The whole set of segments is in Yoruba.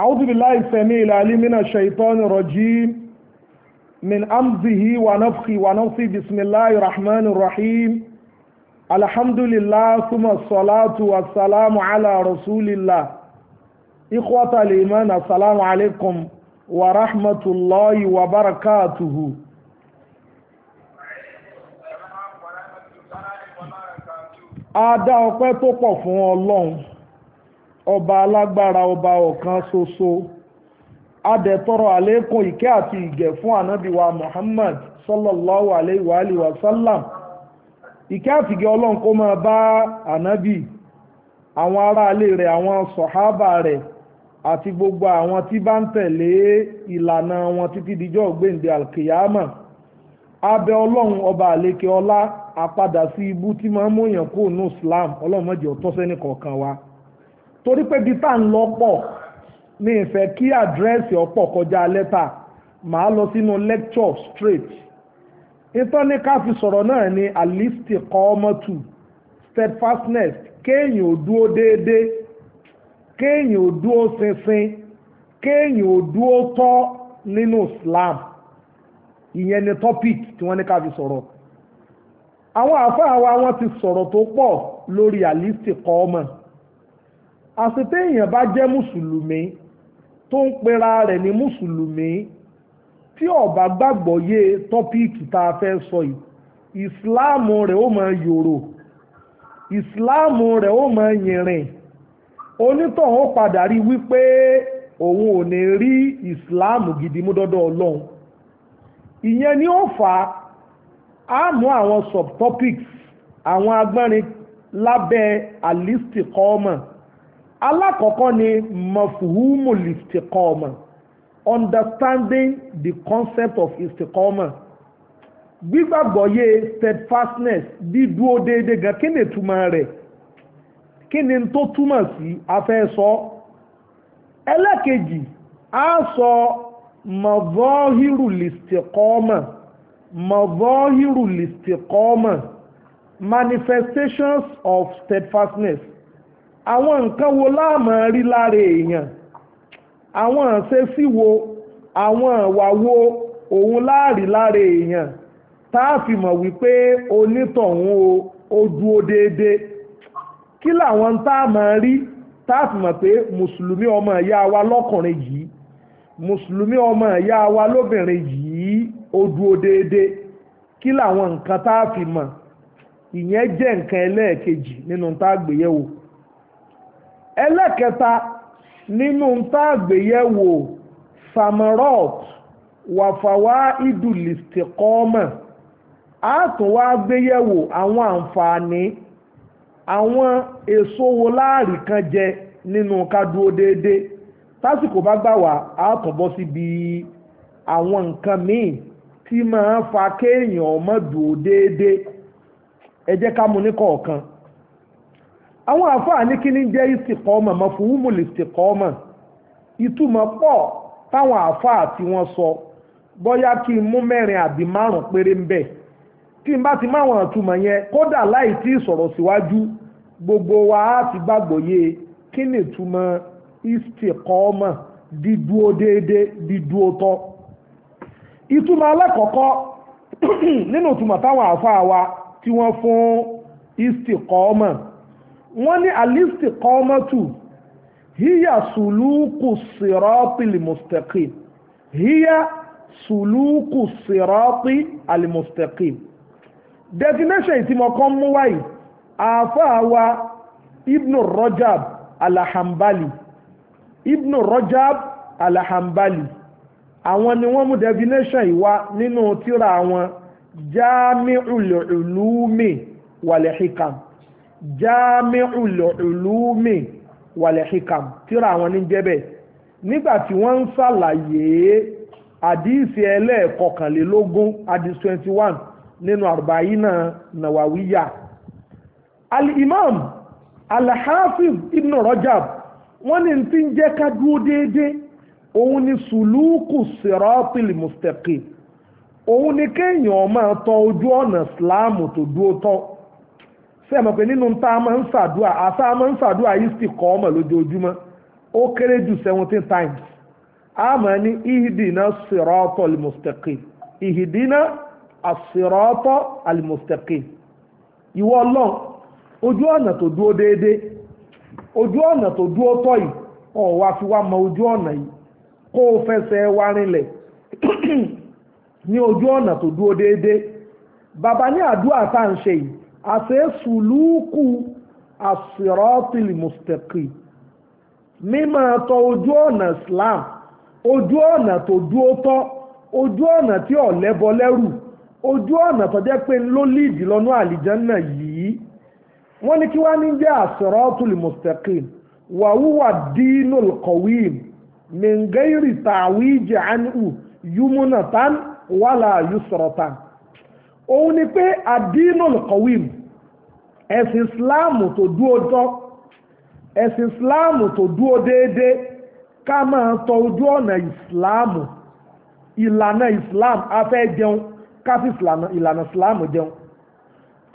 أعوذ بالله السميع العليم من الشيطان الرجيم من أمزه ونفخه ونفخه بسم الله الرحمن الرحيم الحمد لله ثم الصلاة والسلام على رسول الله إخوة الإيمان السلام عليكم ورحمة الله وبركاته A dá ọpẹ́ tó pọ̀ fún Ọlọ́run ọba alágbára ọba ọ̀kan soso adẹ̀tọ́rọ̀ àlékún ìkẹ́ àti ìgẹ̀ fún ànábìwa Muhammad sallallahu alayhi wa alihi wa sallam ìkẹ́ àti ìgẹ̀ ọlọ́run kó máa bá ànábì àwọn aráalé rẹ̀ àwọn sọ̀hábà rẹ̀ àti gbogbo àwọn tí bá ń tẹ̀lé ìlànà wọn títí dijọ́ gbèǹde alkiyama abẹ ọlọ́run ọba àlékè ọlá àpadà sí ibú tí máa ń múyàn kó nù Islam ọlọ́run mọ̀jẹ̀ ọ̀tọ́sẹ́nì kọ̀ọ̀kan wa. torí pé bí tá à ń lọ pọ̀ ní ìfẹ́ kí àdírẹ́sì ọ̀pọ̀ kọjá lẹ́tà màá lọ sínú lecture straight ìtàn ní ká fi sọ̀rọ̀ náà ni alisti kọ́ọ́mọ́tù steadfastness kéèyàn ò dúó déédé kéèyàn ò dúó ṣinṣin kéèyàn ò dúó tọ́ nínú Islam ìyẹn ni topic tí wọ́n ní ká fi sọ̀rọ̀ àwọn àfáà wa wọ́n ti sọ̀rọ̀ tó pọ̀ lórí alisti kọ́ọ́mọ́tù àṣetẹ́ èèyàn bá jẹ́ mùsùlùmí tó ń pera rẹ̀ ní mùsùlùmí tí ó bá gbàgbọ́ yé tọ́píìkì tá a fẹ́ sọ yìí ìsìláàmù rẹ̀ ó máa yòrò ìsìláàmù rẹ̀ ó máa yìnrìn onítọ̀hún padà rí wípé òun ò ní rí ìsìláàmù gidi mú dọ́dọ̀ ọlọ́run ìyẹn ni ó fà á mú àwọn subtopics àwọn agbẹ́rin lábẹ́ alisti kọ́ọ̀mọ̀ alákọ̀ọ́kọ́ ni mafhumul istiqama understanding the concept of istiqama gbígbàgbọ́yé steadfastness dídúró déédéé gan kí ni ìtumọ̀ rẹ̀ kí ni tó túmọ̀ sí afẹ́ sọ ẹlẹ́kejì a sọ mọ̀vọ́hírù lìstìkọ́mọ̀ mọ̀vọ́hírù lìstìkọ́mọ̀ manifestations of steadfastness àwọn nǹkan wo láàmà rí lára èèyàn àwọn àṣesí wo àwọn àwà wo òun láàrí lára èèyàn tá a fi mọ̀ wípé onítọ̀hún o ó dúró déédéé kí làwọn tá a máa rí tá a fi mọ̀ pé mùsùlùmí ọmọ ìyá wa lọ́kùnrin yìí mùsùlùmí ọmọ ìyá wa lóbìnrin yìí ó dúró déédéé kí làwọn nǹkan tá a fi mọ̀ ìyẹn jẹ́ nǹkan ẹlẹ́ẹ̀kejì nínú tá a gbéyẹ̀wò. ẹlẹ́kẹta nínú táàgbéyẹ̀wò samarot wafawa idulistikọ́mọ̀ a tún wá gbéyẹ̀wò àwọn àǹfààní àwọn èso wo láàrí kan jẹ nínú kádúró déédéé tásìkò bá gbà wá a tún bọ́ síbi àwọn nǹkan míì tí máa fa kéèyàn ọmọ dùn déédéé ẹ jẹ́ ká ní kọ̀ọ̀kan. àwọn àfáà ní kí ní jẹ́ ìsìkọ́ọ̀mà mafhumul ìsìkọ́ọ̀mà ìtumọ̀ pọ̀ táwọn àfáà tí wọ́n sọ bóyá kí n mú mẹ́rin àbí márùn-ún péré ń bẹ̀ kí n bá ti máwọn àtúmọ̀ yẹn kódà láì tí síwájú gbogbo wa á ti gbàgbọ́yé kí ni ìtumọ̀ ìsìkọ́ọ̀mà dídúó déédé dídúó tọ́ ìtumọ̀ alákọ̀ọ́kọ́ nínú ìtumọ̀ táwọn àfáà wa tí wọ́n fún wọ́n ní alisti kọ́mọ́tù híyà sùlùkù sírọ́pì lìmùstẹ̀kìm híyà sùlùkù sírọ́pì àlìmùstẹ̀kìm definition ìtìmọ̀ kan mú wáyìí àáfàá wa ibnu rajab alahambali ibnu rajab alahambali àwọn ni wọ́n mú definition ìwá nínú tírà àwọn jami'ul ulumi wal hikam. jami'ul ulumi wal hikam tíra àwọn ní jẹ́bẹ̀ nígbà tí wọ́n ń ṣàlàyé àdíìsì ẹlẹ́ẹ̀kọkànlélógún àdíìsì twenty one nínú àrùbáyínà nàwàwíyà imam al ibn rajab wọ́n ní tí ń jẹ́ ká déédéé òun ni sùlúùkù siratil mustaqim òun ni kéèyàn máa tọ ojú ọ̀nà ìsìláàmù tó tán ṣé ẹ mọ̀ pé nínú tá a máa ń ṣàdúà àṣà a máa ń ṣàdúà yìí sì kọ́ ọmọ lójoojúmọ́ ó kéré jù seventeen times a máa ní ihidina sirọ́tọ̀ alimustaqim ihidina asirọ́tọ̀ alimustaqim ìwọ ọlọ́run ojú ọ̀nà tó dúró déédéé ojú ọ̀nà tó dúró tọ́ yìí ọ̀wá fi wá mọ ojú ọ̀nà yìí kó o fẹsẹ̀ wá rinlẹ̀ ní ojú ọ̀nà tó dúró déédéé bàbá ní àdúrà tá à ń ṣe yìí àṣẹ sùlúùkù àṣìrọ́tìlì mùsítẹ́kì mímọ́ tọ ojú ọ̀nà Islam ojú ọ̀nà tó dúó tọ́ ojú ọ̀nà tí ò lẹ́bọ lẹ́rù ojú ọ̀nà tó jẹ́ pé ló líìdì lọ́nà àlìjánná yìí wọ́n ní kí wá ní jẹ́ àṣìrọ́tìlì mùsítẹ́kì wàhúwà dínú kọ̀wíìm mìngẹ́rì tàwíjì ánú yúmúnà tán wàlà yusrọ̀tán òun ni pé adínul kọ̀wìm ẹ̀sìn islamu tó dúó tọ́ ẹ̀sìn islamu tó dúó déédé ká máa tọ ojú ọ̀nà islamu ìlànà islam afẹ́ jẹun káfí ìlànà islamu jẹun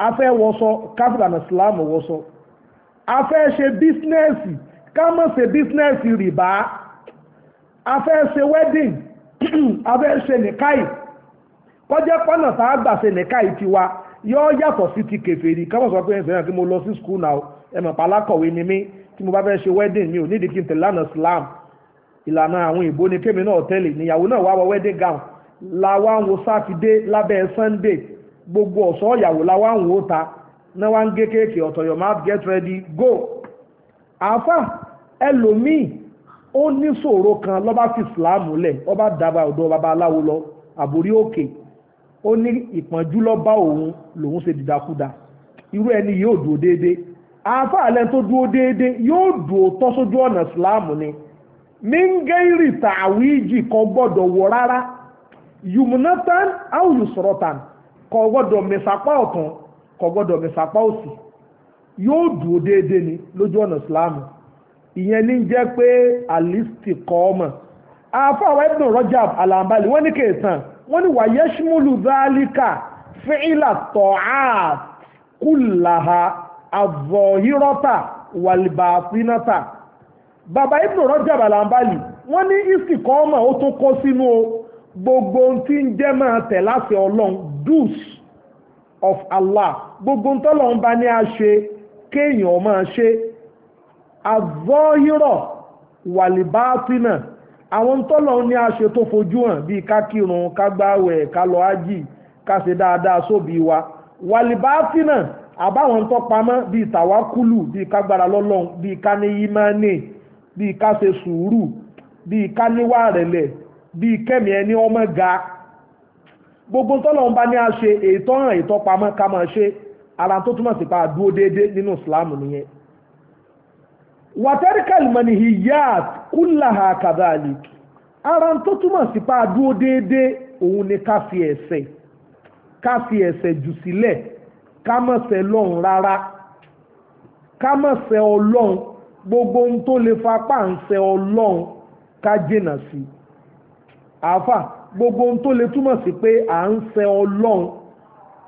afẹ́ wọṣọ káfí ìlànà islamu wọṣọ afẹ́ ṣe bísínẹ́sì ká má ṣe bísínẹ́sì rìbá afẹ́ ṣe wedding afẹ́ ṣe nìkáyìí kọjá pọ́nà tá a gbà ṣe ti wa yọ yàtọ̀ sí ti kèfèrí káwọn sọ pé ẹ fẹ́ràn kí mo lọ sí skul náà ẹ mọ̀ pálákọ̀wé ni mí tí mo bá fẹ́ ṣe wedding mi ò nídìí kí n tẹ̀lé lánàá slam ìlànà àwọn ìbò ni kémi náà tẹ́lẹ̀ níyàwó náà la ń wo sátidé gbogbo ọ̀sọ́ ìyàwó la ta náà wá ń gé ọ̀tọ̀ get ready go ẹlòmíì ó ní kan lọ́ba fi islam lẹ̀ ọba dábàá baba lọ àbórí òkè ó ní ìpọ́njú lọ bá òun lòun ṣe dìdakúda irú ẹni yóò dúró déédéé àáfàá lẹ́n tó dúró déédéé yóò dúró tọ́ sójú ọ̀nà ìsìláàmù ni mingeri tàwíjì kan gbọ́dọ̀ wọ rárá yumunatan auyusorotan kò gbọ́dọ̀ mẹ́sàpá ọ̀tún kò gbọ́dọ̀ mẹ́sàpá òsì yóò dúró déédéé ni lójú ọ̀nà ìsìláàmù ìyẹn ní jẹ́ pé alisti kọ́ ọmọ àáfàá wa ibùdó rọ́jà alàǹbalì wọ́n ní kèésàn wọ́n ní wàyẹ́ṣmúlù záálíkà fíìlà tọ́á kùlàhà àvọ̀hírọ́tà wàlìbàfínátà bàbá ibùdó rọ́jà bàlàǹbàlì wọ́n ní ìsìnkọ́ọ́mà ó tún kọ́ sínú gbogbo tí ń jẹ́ máa tẹ̀ láti ọlọ́run dus of Allah gbogbo tọ́lọ́run bá ní a ṣe kéèyàn máa ṣe àwọn tọ́lọ̀ ní àṣẹ tó fojú hàn bíi ká kírun ká gbáwẹ̀ ká lọ ájì ká ṣe dáadáa sóbi wa wàlìbáfínà àbáwọn tó pamọ́ bíi tàwákùlù bíi ká gbára lọ́lọ́run bíi ká ní yímánì bíi ká ṣe sùúrù bíi ká níwà rẹ̀lẹ̀ bíi kẹ́mi ẹni ọmọ ga gbogbo tọ́lọ̀ ń bá ní àṣẹ ètò hàn ètò pamọ́ ká máa ṣe ara tó túmọ̀ sí pa àdúró déédéé nínú ìsìláàmù nìyẹn wàtẹ́ríkàl manihiyat kúláha kàdáàlì ara tó túmọ̀ sí pa dúó déédéé òun ni ká fi ẹ̀ṣẹ̀ ká fi ẹ̀ṣẹ̀ jù sílẹ̀ ká má ṣẹ̀ lọ́hùn rárá ká má ṣẹ̀ ọlọ́hun gbogbo ohun tó lè fapá ń ṣẹ̀ ọlọ́hun ká jìnà sí àáfà gbogbo ohun tó lè túmọ̀ sí pé à ń ṣẹ̀ ọlọ́hun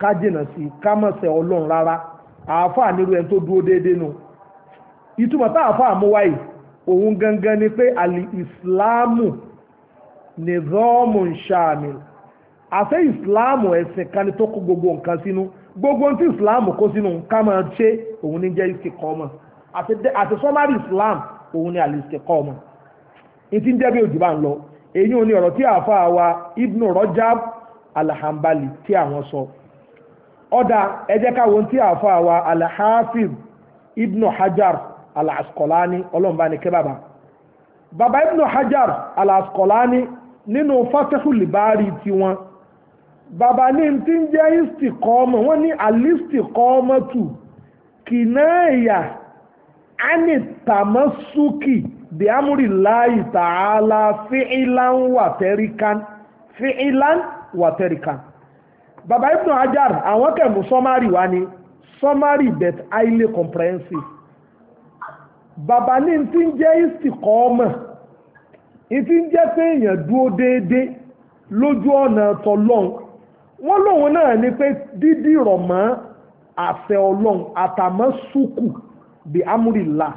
ká jìnà sí ká má ṣẹ̀ rárá àáfà nírú ẹni tó dúó déédéé nù. No ìtumọ̀ tá àfa àmúwáyì òun gangan ni pé àlì ìsìláàmù nìzọ́ọ̀mù ṣàmìl àṣẹ ìsìláàmù ẹ̀sìn kan ni tó kó gbogbo nǹkan sínú gbogbo tí ìsìláàmù kó sínú nǹkan máa ṣe òun ní jẹ́ ìsìkọ́mọ̀ àti sọ́márì ìsìláàmù òun ni àlì ìsìkọ́mọ̀ ìtí ń jẹ́ bí òjì bá ń lọ èyí ò ní ọ̀rọ̀ tí àfa wa ibnu rajab alhambali tí àwọn sọ ọ̀dà ẹ jẹ́ ká wo tí àfa wa alhafiz ibnu hajar al-Asqalani ọlọ́mọba ni kẹ́ bàbá ibnu hajar al-Asqalani nínú fatahul bari tiwọn bàbá ní ti ń jẹ́ istikọ́mọ wọ́n ní alistikọ́mọ tù kìnnáyà ani tamasuki bi amri Allahi ta'ala fi'ilan wa tarikan fi'ilan wa tarikan bàbá ibnu hajar àwọn kẹ̀mú sọ́márì wá ní sọ́márì bet highly comprehensive bàbá ní ti ń jẹ́ ìsìnkọ́ ọmọ ìfi ń jẹ́ pé èèyàn dúó déédéé lójú ọ̀nà tọlọ́n wọ́n lòun náà ni pé dídì rọ̀ mọ́ àṣẹ ọlọ́run àtàmọ́ sùkù bí amúrìlá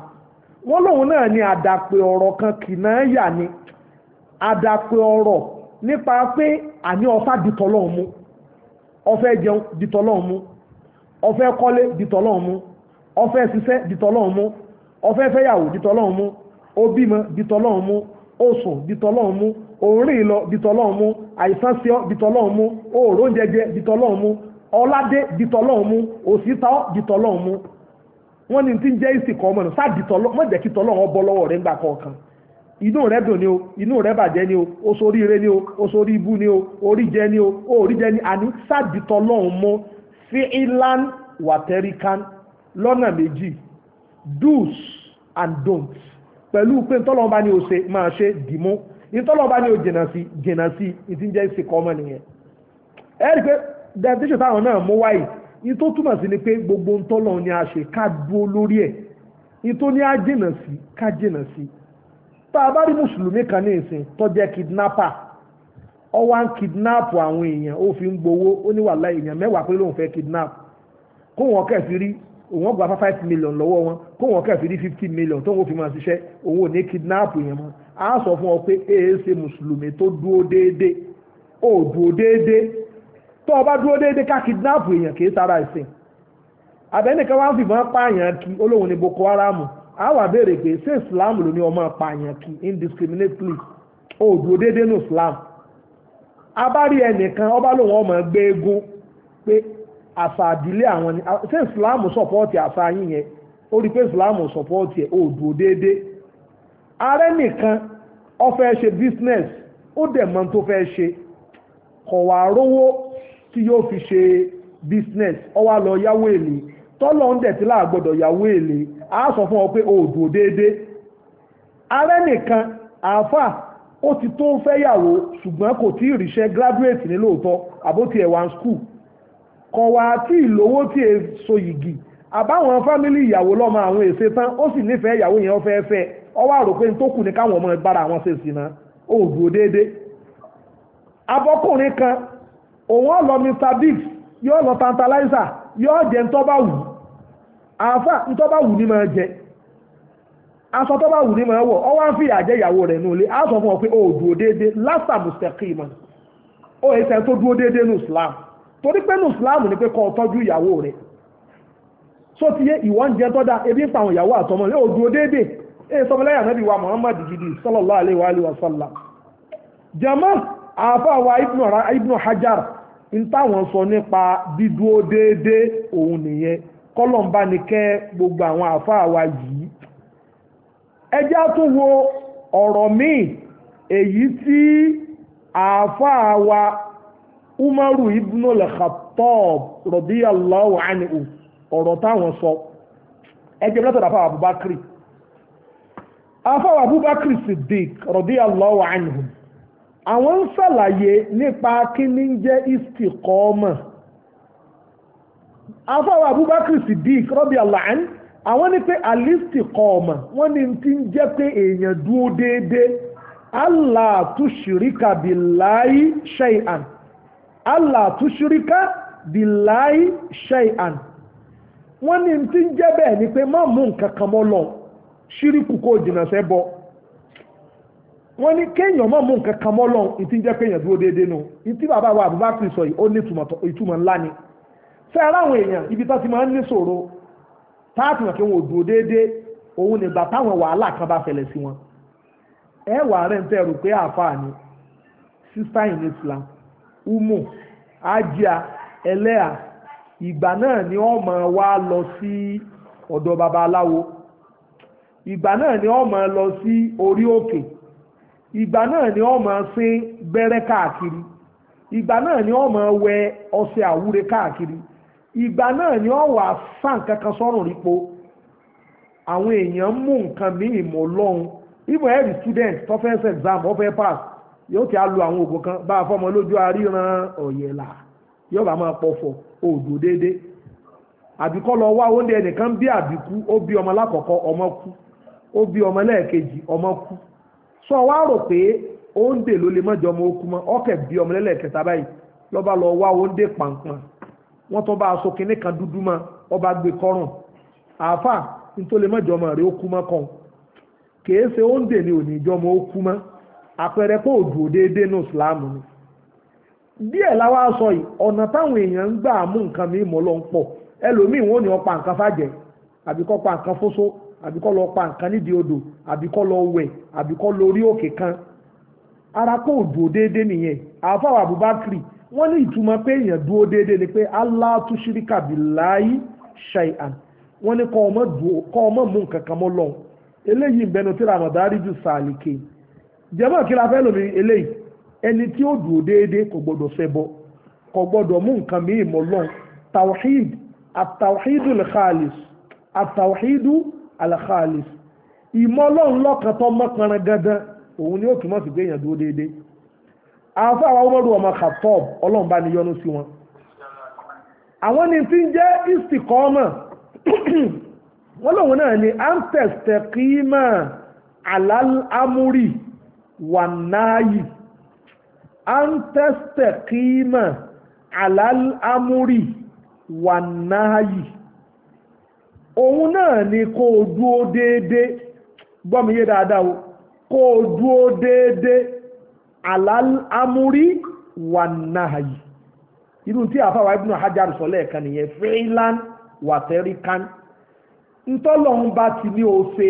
wọ́n lòun náà ni àdàpè ọ̀rọ̀ kan kìnà yà ni àdàpè ọ̀rọ̀ nípa pé àní ọ̀fà dìtọ́lọ́run mú ọ̀fẹ́ jẹun dìtọ́lọ́run mú ọ̀fẹ́ kọ́lé dìtọ́lọ́run mú ọ̀fẹ́ ṣiṣẹ́ dìtọ́lọ́run mú ọfẹ́ fẹ́yàwó dìtọ́lọ́run mú ó bímọ dìtọ́lọ́run mú ó sùn dìtọ́lọ́run mú òórìn lọ dìtọ́lọ́run mú àìsàn sí ọ dìtọ́lọ́run mú òòrò oúnjẹjẹ dìtọ́lọ́run mú ọládé dìtọ́lọ́run mú òsítà dìtọ́lọ́run mú wọ́n ní ti ń jẹ́ ìsìnkọ́ ọmọ náà sáà dìtọ́lọ́run mọ̀jẹ̀ kí tọ́lọ́run bọ́ lọ́wọ́ rẹ̀ ńgbà kọ̀ọ̀kan inú rẹ dùn ni o inú rẹ bàjẹ́ ni o o sórí ire ni o o sórí ibu ni o orí jẹ ni o orí jẹ ni àní sádìtọ́ lọ́hùn mọ́ sí ilan wàtẹ́ríkan lọ́nà méjì do's and don'ts pẹ̀lú pé ntọ́lọ́ba ni o ṣe máa ṣe dìmú ntọ́lọ́ba ni o jìnà sí jìnà sí ìtí ń jẹ́ ìsìn kọ́mọ́ nìyẹn ẹ rí i pé dẹ́tíṣẹ̀ táwọn náà mú wáyé ìtó túmọ̀ sí ni pé gbogbo ntọ́lọ́ ni a ṣe ká dúró lórí ẹ̀ ìtó ni a jìnà sí ká jìnà sí tá a bá rí mùsùlùmí kan ní ìsìn tó jẹ́ kidnapper ó wá ń kidnap àwọn èèyàn ó fi ń gbowó ó ní wàhálà èèyàn mẹ́wàá pé lóun fẹ́ òun gba five million lọ́wọ́ wọn kó wọn kẹ́ẹ̀ fi rí fifty million tó wọn fi máa ṣiṣẹ́ òun ò ní kidnap yẹn mọ́ a sọ fún ọ pé èé ṣe mùsùlùmí tó dúró déédé ó dúró déédé tó o bá dúró déédé ká kidnap èèyàn kì í sára ìsìn àbẹ́nìkan wá ń fìbọn pààyàn kí olóhùn ní Boko Haram a wà béèrè pé ṣé Islam ló ní ọmọ pààyàn kí indiscriminately ó dúró déédé ní Islam a bá rí ẹnìkan ọba lòun ọmọ gbé egun pé àṣà àdílé àwọn ni ṣé ìsìláàmù sọ̀pọ́ọ̀tì àṣà yín yẹn ó rí pé ìsìláàmù sọ̀pọ́ọ̀tì ẹ̀ òdò déédé ààrẹ nìkan ó ṣe business ó dẹ̀ mọ́ tó fẹ́ ṣe kọ̀ rówó tí yóò fi ṣe business ó wá lọ yáwó èlé tọ́lọ́ ń dẹ̀tí láàgbọ́dọ̀ yáwó èlé á sọ fún ọ pé òdò déédé ààrẹ nìkan àáfà ó ti tó fẹ́yàwó ṣùgbọ́n kò tí ì ríṣẹ́ graduate ní lóòótọ́ àbótiẹ̀ one school kan wá tí ìlówó tí è so yìgì àbáwọn fámìlì ìyàwó lọ́mọ àwọn èsè tán ó sì nífẹ̀ẹ́ ìyàwó yẹn fẹ́ fẹ́ ọwọ́ àrò pé tó kù ní káwọn ọmọ ìbára àwọn ṣe sí náà ó dúró déédéé abọ́kùnrin kan òun ọ̀lọ́ Mr Biggs yóò lọ tantalizer yóò jẹ ntọ́ba wù àáfà ntọ́ba wù ni máa jẹ aṣọ tọ́ba wù ni máa wọ̀ ọ wá ń fi ìyàjẹ́ ìyàwó rẹ̀ nù ilé aṣọ fún ọ pé ó dúró déédéé lásà mùsẹ̀kì mọ́ ó èsẹ̀ tó dúró déédéé ní Islam torí pé nù Islam ni pé kọ́ tọ́jú ìyàwó rẹ̀ so ti yé ìwọ ń jẹ ebi ń pa àwọn ìyàwó àtọmọ lé òdu òdédé èyí sọmọlẹ́yà náà bí wa Muhammad gidi sallallahu alaihi wa sallam jama àáfàá wa ibnu hajar ń táwọn sọ nípa dídúró déédé òun nìyẹn kọlọ̀mbá ni kẹ́ gbogbo àwọn àáfàá wa yìí ẹjá tún wo ọ̀rọ̀ míì èyí tí àáfàá wa umaru ibn al-khattab radiyallahu anhu ọ̀rọ̀ táwọn sọ ẹgbẹ́ látọ̀dọ̀ afáwà abubakri afáwà abubakri siddiq radiyallahu anhu àwọn ń ṣàlàyé nípa kíní jẹ́ istiqama afáwà abubakri siddiq radiyallahu anhu àwọn ní pé al-istiqama wọ́n ní ti ń jẹ́ pé èèyàn dúó déédéé allah tushirika billahi shay'an allah tushurika billahi shay'an wọ́n ní tí ń jẹ́ bẹ́ẹ̀ ni pé má mú nǹkan kan mọ́ lọ ṣíríkù kó jìnnà sẹ́ bọ́ wọ́n ní kéèyàn má mú nǹkan kan mọ́ lọ ìtí ń jẹ́ kéèyàn dúró déédéé nù ìtí bàbá wa àbúrò bá fi sọ yìí ó ní ìtumọ̀ ńlá ni fẹ́ ara àwọn èèyàn ibi tó ti máa ń ní ṣòro táàtì wọn kí wọn ò dúró déédéé òun nígbà táwọn wàhálà kan bá ṣẹlẹ̀ sí wọn ẹ wà rẹ̀ ń tẹ́ pé àáfàá ni sísá ìní Islam umu ajia ẹlẹ́à ìgbà náà ni wọ́n máa wá lọ sí ọ̀dọ̀ babaláwo ìgbà náà ni wọ́n máa lọ sí orí òkè ìgbà náà ni wọ́n máa sín gbẹ́rẹ́ káàkiri ìgbà náà ni wọ́n máa wẹ ọṣẹ àwúre káàkiri ìgbà náà ni wọ́n wà sàn kankan sọ́rùn rípo àwọn èèyàn mú nǹkan míì mọ́ lọ́hùn ìmọ̀ ẹ̀rí student tó fẹ́ exam ó fẹ́ pass yóò ti á lo àwọn oògùn kan bá a fọmọ lójú aríran ọ̀yẹ̀là yóò bá máa pọ̀fọ̀ òdò déédé àbíkọ́ lọ wá oúnjẹ nìkan bí àbíkú ó bí ọmọ lákọ̀ọ́kọ́ ọmọ kú ó bí ọmọ lẹ́ẹ̀kejì ọmọ kú sọ wá rò pé oúnjẹ ló lè mọ́jọ ọmọ okú mọ́ ọkẹ̀ bí ọmọ lẹ́lẹ́kẹta báyìí lọ́ba lọ wá oúnjẹ pàǹpàǹ wọ́n tó bá aṣọ kan dúdú ọba gbé àáfà nítorí ọmọ rẹ̀ okú oúnjẹ àpẹẹrẹ pé òdùò déédéé ní ìsìláàmù ni díẹ̀ láwa sọ yìí ọ̀nà táwọn èèyàn ń gbà mú nǹkan mi mọ́ lọ ń pọ̀ ẹlòmíì wọn ò ní ọ̀pá nǹkan fàjẹ́ àbíkọ́ pa nǹkan fóso àbíkọ́ lọ pa nǹkan nídìí odò àbíkọ́ lọ wẹ̀ àbíkọ́ òkè kan ara kó dúró déédéé nìyẹn ní pé èèyàn dúró déédéé ni pé ṣíríkà bí láyé ní ọmọ mú nǹkan kan mọ́ eléyìí tí ramadan jẹ́mọ́ kí la fẹ́ lómi eléyìí ẹni tí ó dùn déédé kò gbọ́dọ̀ ṣẹbọ kò gbọ́dọ̀ mú nǹkan mìíràn mọ́ lọ́n tawhid atawhidu alkhalis atawhidu alkhalis ìmọ̀ lọ́n lọ́kàn tó mọ́kànrán gandan òun ni ó túmọ̀ sí pé èèyàn dúró déédé àfa àwọn ọmọdé ọmọ Khattab ọlọ́run bá ní yọ́nú sí wọn àwọn ni tí ń jẹ́ istikọ́mọ̀ wọ́n lóun náà ni antestekima alal wànáyì antẹ́sítẹ̀kímà àlàámúrì wànáyì òun náà ni kó o dúó déédéé gbọ́mi yé dáadáa o dúó déédéé àlàámúrì wànáyì irú tí àfáwà Ibn Hajar sọ lẹ́ẹ̀kan nìyẹn fẹ́ẹ́lán wàtẹ́ríkán ntọ́lọ́hún bá ti ní o se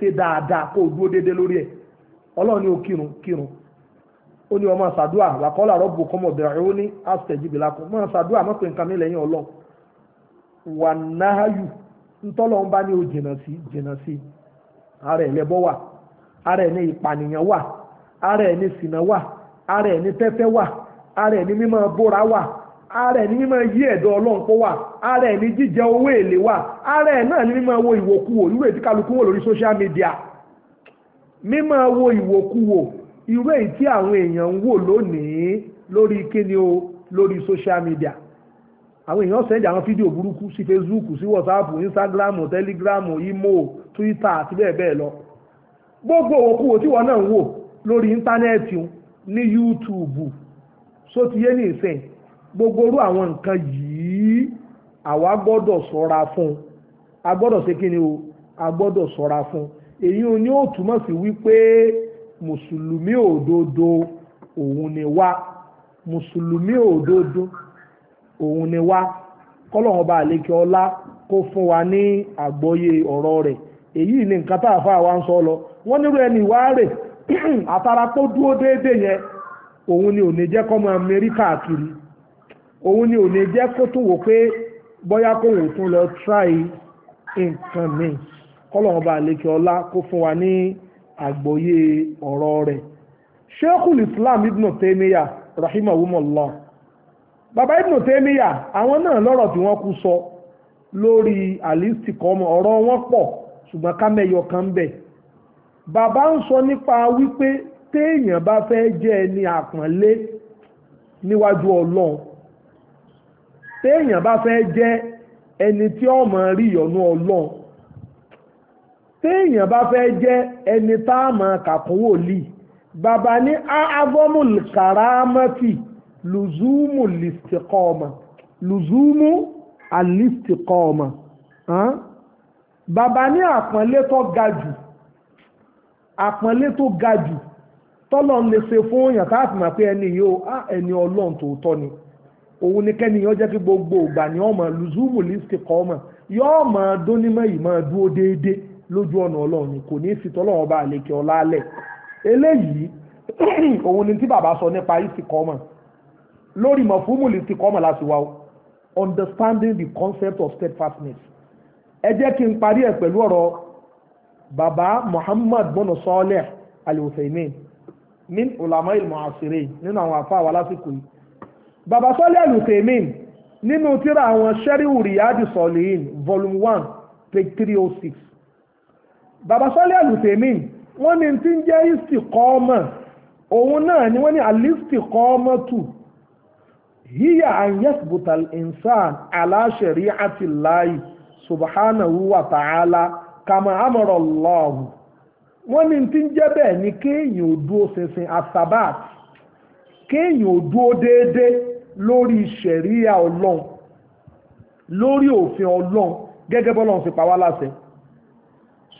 se dáadáa dúó lórí ọlọ́run ni o kírun kírun ó ní ọmọ rọ́bù kọ́mọ bẹ̀rẹ̀ ó ní àṣẹjìbì mọ́ mọ́ pé nǹkan ọlọ́ o jìnà sí jìnà sí ara ẹ̀ lẹ́bọ́ wà ara ẹ̀ ní ìpànìyàn wà ara ẹ̀ ní sìnà wà ara ẹ̀ ní tẹ́tẹ́ wà ara ẹ̀ ní mímọ́ bóra wà ara ẹ̀ ní mímọ́ yí ẹ̀dọ̀ ọlọ́run ara ẹ̀ ní jíjẹ owó èlé ara ẹ̀ náà ní mímọ́ wo ìwòkuwò irú ètí kálukú wò lórí social media mímọ́ wo ìwòkuwò irú èyí tí àwọn èèyàn ń wò lónìí lórí kíni o lórí social media àwọn èèyàn sẹ́ndì àwọn fídíò burúkú sí facebook sí whatsapp instagram telegram imo twitter àti bẹ́ẹ̀ bẹ́ẹ̀ lọ gbogbo òwòkuwò tí wọ́n náà ń wò lórí íńtánẹ́ẹ̀tì ní youtube só ti yé ní ìsìn gbogbo oru àwọn nǹkan yìí àwa gbọ́dọ̀ sọ́ra fún a gbọ́dọ̀ ṣe kíni o a gbọ́dọ̀ sọ́ra fún un èyí ni ó túmọ̀ sí wípé mùsùlùmí òdodo òun ni wá mùsùlùmí òdodo òun ni wá kọ́lọ́hún bá àlékè ọlá kó fún wa ní àgbọ́yé ọ̀rọ̀ rẹ̀ èyí ni nǹkan tá a fà wá ń sọ lọ wọ́n nírú ẹni wá rè àtàrà tó dúró déédéé yẹn òun ni ò ní jẹ́ kọ́mọ mẹ́rí kiri. òun ni ò ní jẹ́ kó tún wò pé bóyá kóhùn tún lọ try nǹkan mìíràn kọ́lọ́run bá lékè ọlá kó fún wa ní àgbọ́yé ọ̀rọ̀ rẹ̀ sheikhul islam ibn taymiya rahimahumullah bàbá ibn taymiya àwọn náà lọ́rọ̀ tí wọ́n kú sọ lórí àlìsìkọ́mọ ọ̀rọ̀ wọn pọ̀ ṣùgbọ́n ká mẹ́yọ kan ń bẹ̀ bàbá ń sọ nípa wípé téèyàn bá fẹ́ jẹ́ ẹni àpọ́nlé níwájú ọlọ́run téèyàn bá fẹ́ jẹ́ ẹni tí ó rí ìyọ́nú ọlọ́run téèyàn bá fẹ́ jẹ́ ẹni tá a máa kàkún wòlíì bàbá ní agbọ́mùl kàrámọ́tì lùzúmù lìstìkọ́ọ̀mà lùzúmù àlìstìkọ́ọ̀mà bàbá ní àpọ́nlé tó ga jù àpọ́nlé tó ga jù tọ́lọ̀ ń lè ṣe fún èèyàn tá a fi mọ̀ pé ẹni yìí ó ẹni ọlọ́run tòótọ́ ni òun ni kẹ́niyàn jẹ́ kí gbogbo ìgbà ni ọmọ lùzúmù lìstìkọ́ọ̀mà yóò máa dún ní mọ́ ìmọ̀ dúró déédéé lójú ọ̀nà ọlọ́run ni kò ní í fi tọ́lọ́run bá àlekè ọlá alẹ̀ eléyìí òun ni tí bàbá sọ nípa ìsìkọ́mọ̀ lórí mọ̀fúnmù lè sìkọ́mọ̀ láti wá o understanding the concept of steadfastness ẹ jẹ́ kí n parí ẹ̀ pẹ̀lú ọ̀rọ̀ bàbá Muhammad bọ́nà sọ́ọ́lẹ̀ al-Uthaymeen ní ulama al-mu'asirin nínú àwọn àfa àwọn lásìkò yìí bàbá sọ́ọ́lẹ̀ al-Uthaymeen nínú tíra àwọn sẹ́ríwù riyadi sọ̀lẹ́yìn volume one page three oh six bàbá sọ́lẹ̀ àlùtẹ̀mí wọ́n ní tí ń jẹ́ istikọ́ọ́mọ̀ òun náà ni wọ́n ní alistikọ́ọ́mọ̀ tù hiya an yasbuta al-insan ala shari'ati Allahi subhanahu wa ta'ala kama amara Allah wọ́n ní tí ń jẹ́ bẹ́ẹ̀ ni kéèyàn ò dúró ṣinṣin asabat kéèyàn ò déédéé lórí ṣẹ̀ríyà ọlọ́run lórí òfin ọlọ́run gẹ́gẹ́ bọ́lọ́run ṣe pa wá láṣẹ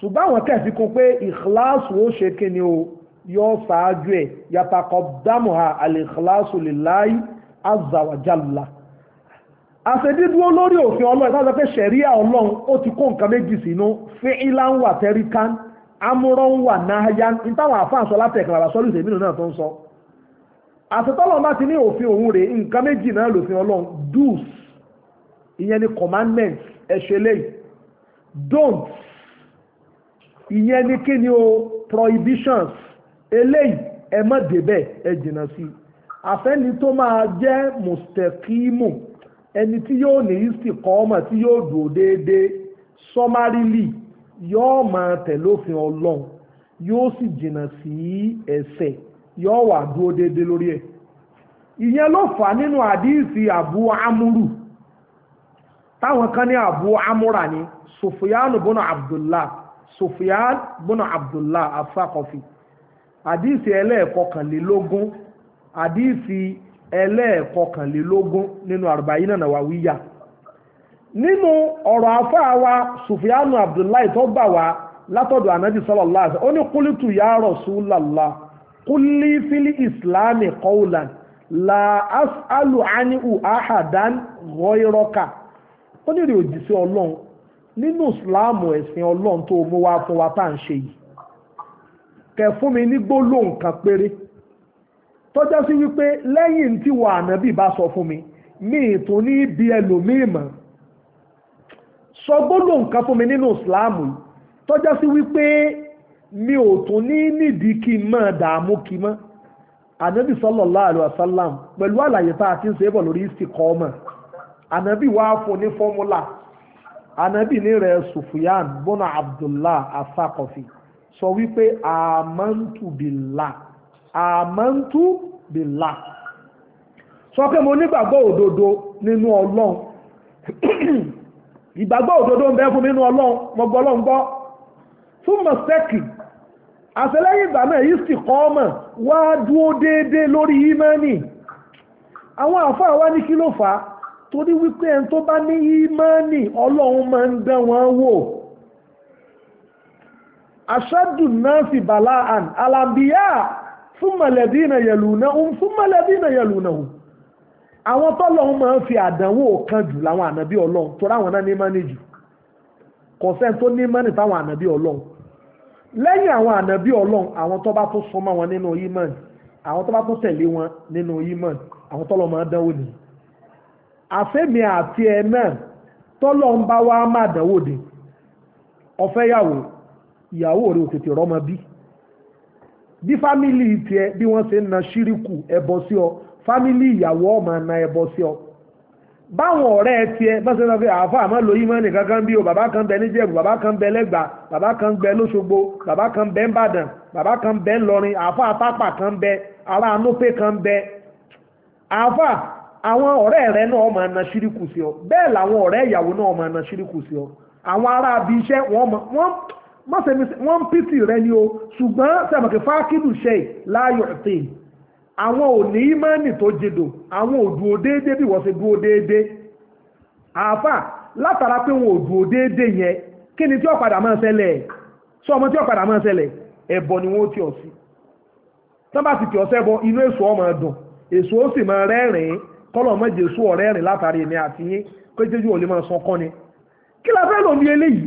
ṣùgbọ́n àwọn kẹfì kún pé ìkìláàsù ó ṣe kí ni o yóò ṣáájú ẹ̀ yàtàkọ̀ dámù ha àlìkìláàsù lillahi azza wa jalla àṣedídúró lórí òfin ọlọ́run láti pé ṣẹ̀ríà ọlọ́run ó ti kó nǹkan méjì sínú fi'lan wa tarikan amúrán wà náhayán ní táwọn àfáàsọ látẹ̀kàn bàbá sọ́lù ìṣèmínú náà tó ń sọ àṣetọ́lọ́run bá ti don't ìyẹn ní kí ni o prohibitions eléyìí ẹ má débẹ̀ ẹ jìnnà sí i àfẹ́ni tó máa jẹ́ mustekimu ẹni tí yóò ní istikọ́ọ̀mà tí yóò dùn déédéé sọmárìlì yóò máa tẹ̀lé òfin ọlọ́run yóò sì jìnnà sí ẹ̀ṣẹ̀ yóò wà dúró déédéé lórí ẹ̀ ìyẹn ló fà nínú àdíìsì àbú amúrù táwọn kan ní àbú amúra ní sofiyanu bọ́nà abdullah Sufyan bùnà Abdullah afakọ̀fì àdìsí ẹlẹ́ẹ̀kọkànlélógún àdìsí ẹlẹ́ẹ̀kọkànlélógún nínú àrùbáyé náà wà wíyà nínú ọ̀rọ̀ afáà wa Sufyan Abdullahi tó bà wá látọ̀dọ̀ ànábì sallallahu alaihi wasallam ó ní kúlítù ya Rasulullah kúlí fílí ìsìláàmì qawlan la as'alu anhu ahadan ghayraka ó ní rí òjì sí ọlọ́run nínú ìsìláàmù ẹ̀sìn ọlọ́run tó mú wá fún wa tá à ń ṣe yìí kẹ fún mi ní gbólóhùn kan péré tọ́jọ́ sí wípé lẹ́yìn tí wà ànábì bá sọ fún mi mi ìtún ní ibi ẹlòmíì mọ̀ sọ gbólóhùn kan fún mi nínú ìsìláàmù yìí tọ́jọ́ sí wípé mi ò tún ní nídìí kí n mọ̀ dààmú kí n mọ̀ ànábì sallallahu alaihi wasallam pẹ̀lú àlàyé tá a ti ń ṣe é bọ̀ lórí ìsìnkọ́ ọmọ ànábì wá fún ní fọ́múlà anabi ní rẹ̀ Sufyan bọ́nà Abdullah asakọ̀fì sọ wípé àmọ́ntùbìlà àmọ́ntùbìlà sọ pé mo nígbàgbọ́ òdodo nínú ọlọ́run ìgbàgbọ́ òdodo ń bẹ fún mi nínú ọlọ́run gbogbo ọlọ́run gbọ́ fún mọ̀sẹ́kì àtẹlẹ́yìn ìgbà náà yìí sì kọ́ ọmọ wá dúó déédéé lórí ímánì àwọn àfáà wá ní kí ló fà á torí wípé ẹni tó bá ní ìmánì ọlọ́run máa ń dán wọn wò aṣáájú náà sì bàlá àn alàbíyá fún mọ̀lẹ́bí náà yẹ̀lù náà fún mọ̀lẹ́bí náà yẹ̀lù náà àwọn tọ́lọ́run máa ń fi àdánwò kan jù láwọn ànábí ọlọ́run torí àwọn náà ní ìmánì jù kò sẹ́ni tó ní ìmánì táwọn ànábí ọlọ́run lẹ́yìn àwọn ànábí ọlọ́run àwọn tó bá tún súnmọ́ wọn nínú ìmánì àwọn tó bá tún tẹ̀lé wọn nínú ìmánì àwọn tọ́lọ́run máa ń dánwò nìyí àfẹ́mi àti ẹ náà Tọ́lọ̀ ń bá wá má dánwò dé ọ̀fẹ́yàwó ìyàwó rẹ̀ ò rọ́mọ bí bí fámìlì tiẹ̀ bí wọ́n ṣe ń na ṣíríkù ẹbọ sí ọ fámìlì ìyàwó ọmọ na ẹbọ sí ọ báwọn ọ̀rẹ́ ẹ bá ṣe sọ pé àáfà àmọ́ kankan bí o bàbá kan bẹ níjẹ̀bù bàbá kan bẹ lẹ́gbà bàbá kan bẹ lóṣogbo bàbá kan bẹ àwọn ọ̀rẹ́ rẹ náà máa na ṣíríkù sí ọ bẹ́ẹ̀ làwọn ọ̀rẹ́ ìyàwó náà máa na ṣíríkù sí ọ àwọn ará abi iṣẹ́ wọ́n pìtì rẹ ni o ṣùgbọ́n sẹ́mọ̀kì fákìlù ṣe láàyò tèè àwọn ò ní ìmánì tó jedò àwọn ò dúó déédé bí wọ́n ṣe dúó déédé àáfà látara pé wọn ò déédé yẹn kí ni tí ọ̀padà máa ṣẹlẹ̀ sọ ọmọ tí ọ̀padà máa ṣẹlẹ̀ ẹbọ ni wọ́n ti ọ̀ sí tán bá ti ti ọ̀sẹ́ bọ inú èso ọmọ dùn èso ó sì máa rẹ́rìn-ín kọ́lọ̀ mọ́ jésù ọ̀rẹ́ rìn látàrí èmi àti yín pé jésù ò lè máa sọ kọ́ni kí la fẹ́ lòmí eléyìí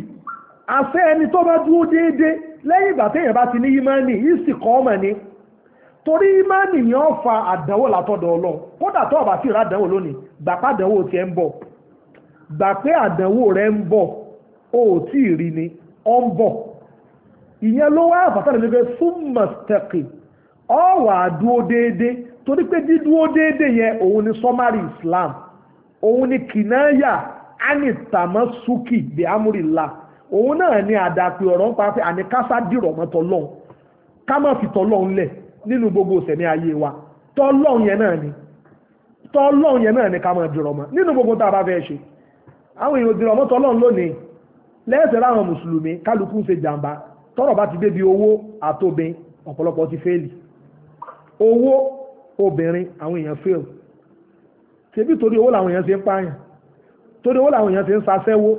àṣẹ ẹni tó bá dúró déédéé lẹ́yìn ìgbà téèyàn bá ti ní ìmánì yìí kọ́ ọmọ ni torí imani ni ó fa àdánwò látọ̀dọ̀ ọlọ́run kódà tó bá sì rà àdánwò lónìí gbà pé àdánwò tiẹ̀ ń bọ̀ gbà pé àdánwò rẹ̀ ń bọ̀ o ò tí ì rí ni ọ ń bọ̀ ìyẹn ló wá àfàtà lè fẹ́ súnmọ̀ ọ wà dúró déédéé torí pé dídúró déédéé yẹn òun ni sọmárì islam òun ni kìnnáyà ani tàmásùkì bí amúrìlá òun náà ni àdàpè ọ̀rọ̀ ń pa pé àní kásá dìrọ̀ mọ́ tọ́lọ́hún ká má fi tọ́lọ́hún lẹ̀ nínú gbogbo ìsẹ̀mí ayé wa tọ́lọ́hún yẹn náà ni tọ́lọ́hún yẹn náà ni ká má dìrọ̀ mọ́ nínú gbogbo tá a bá fẹ́ ṣe àwọn èèyàn dìrọ̀ mọ́ tọ́lọ́hún lónìí lẹ́sẹ̀ láwọn mùsùlùmí kálukú ń ṣe jàǹbá tọ́rọ̀ bá ti débi owó àtòbin ọ̀pọ̀lọpọ̀ ti fẹ́ẹ̀lì owó obìnrin àwọn èèyàn fail ṣebí torí owó làwọn èèyàn ṣe ń pààyàn torí owó làwọn èèyàn ṣe ń ṣaṣẹ́wó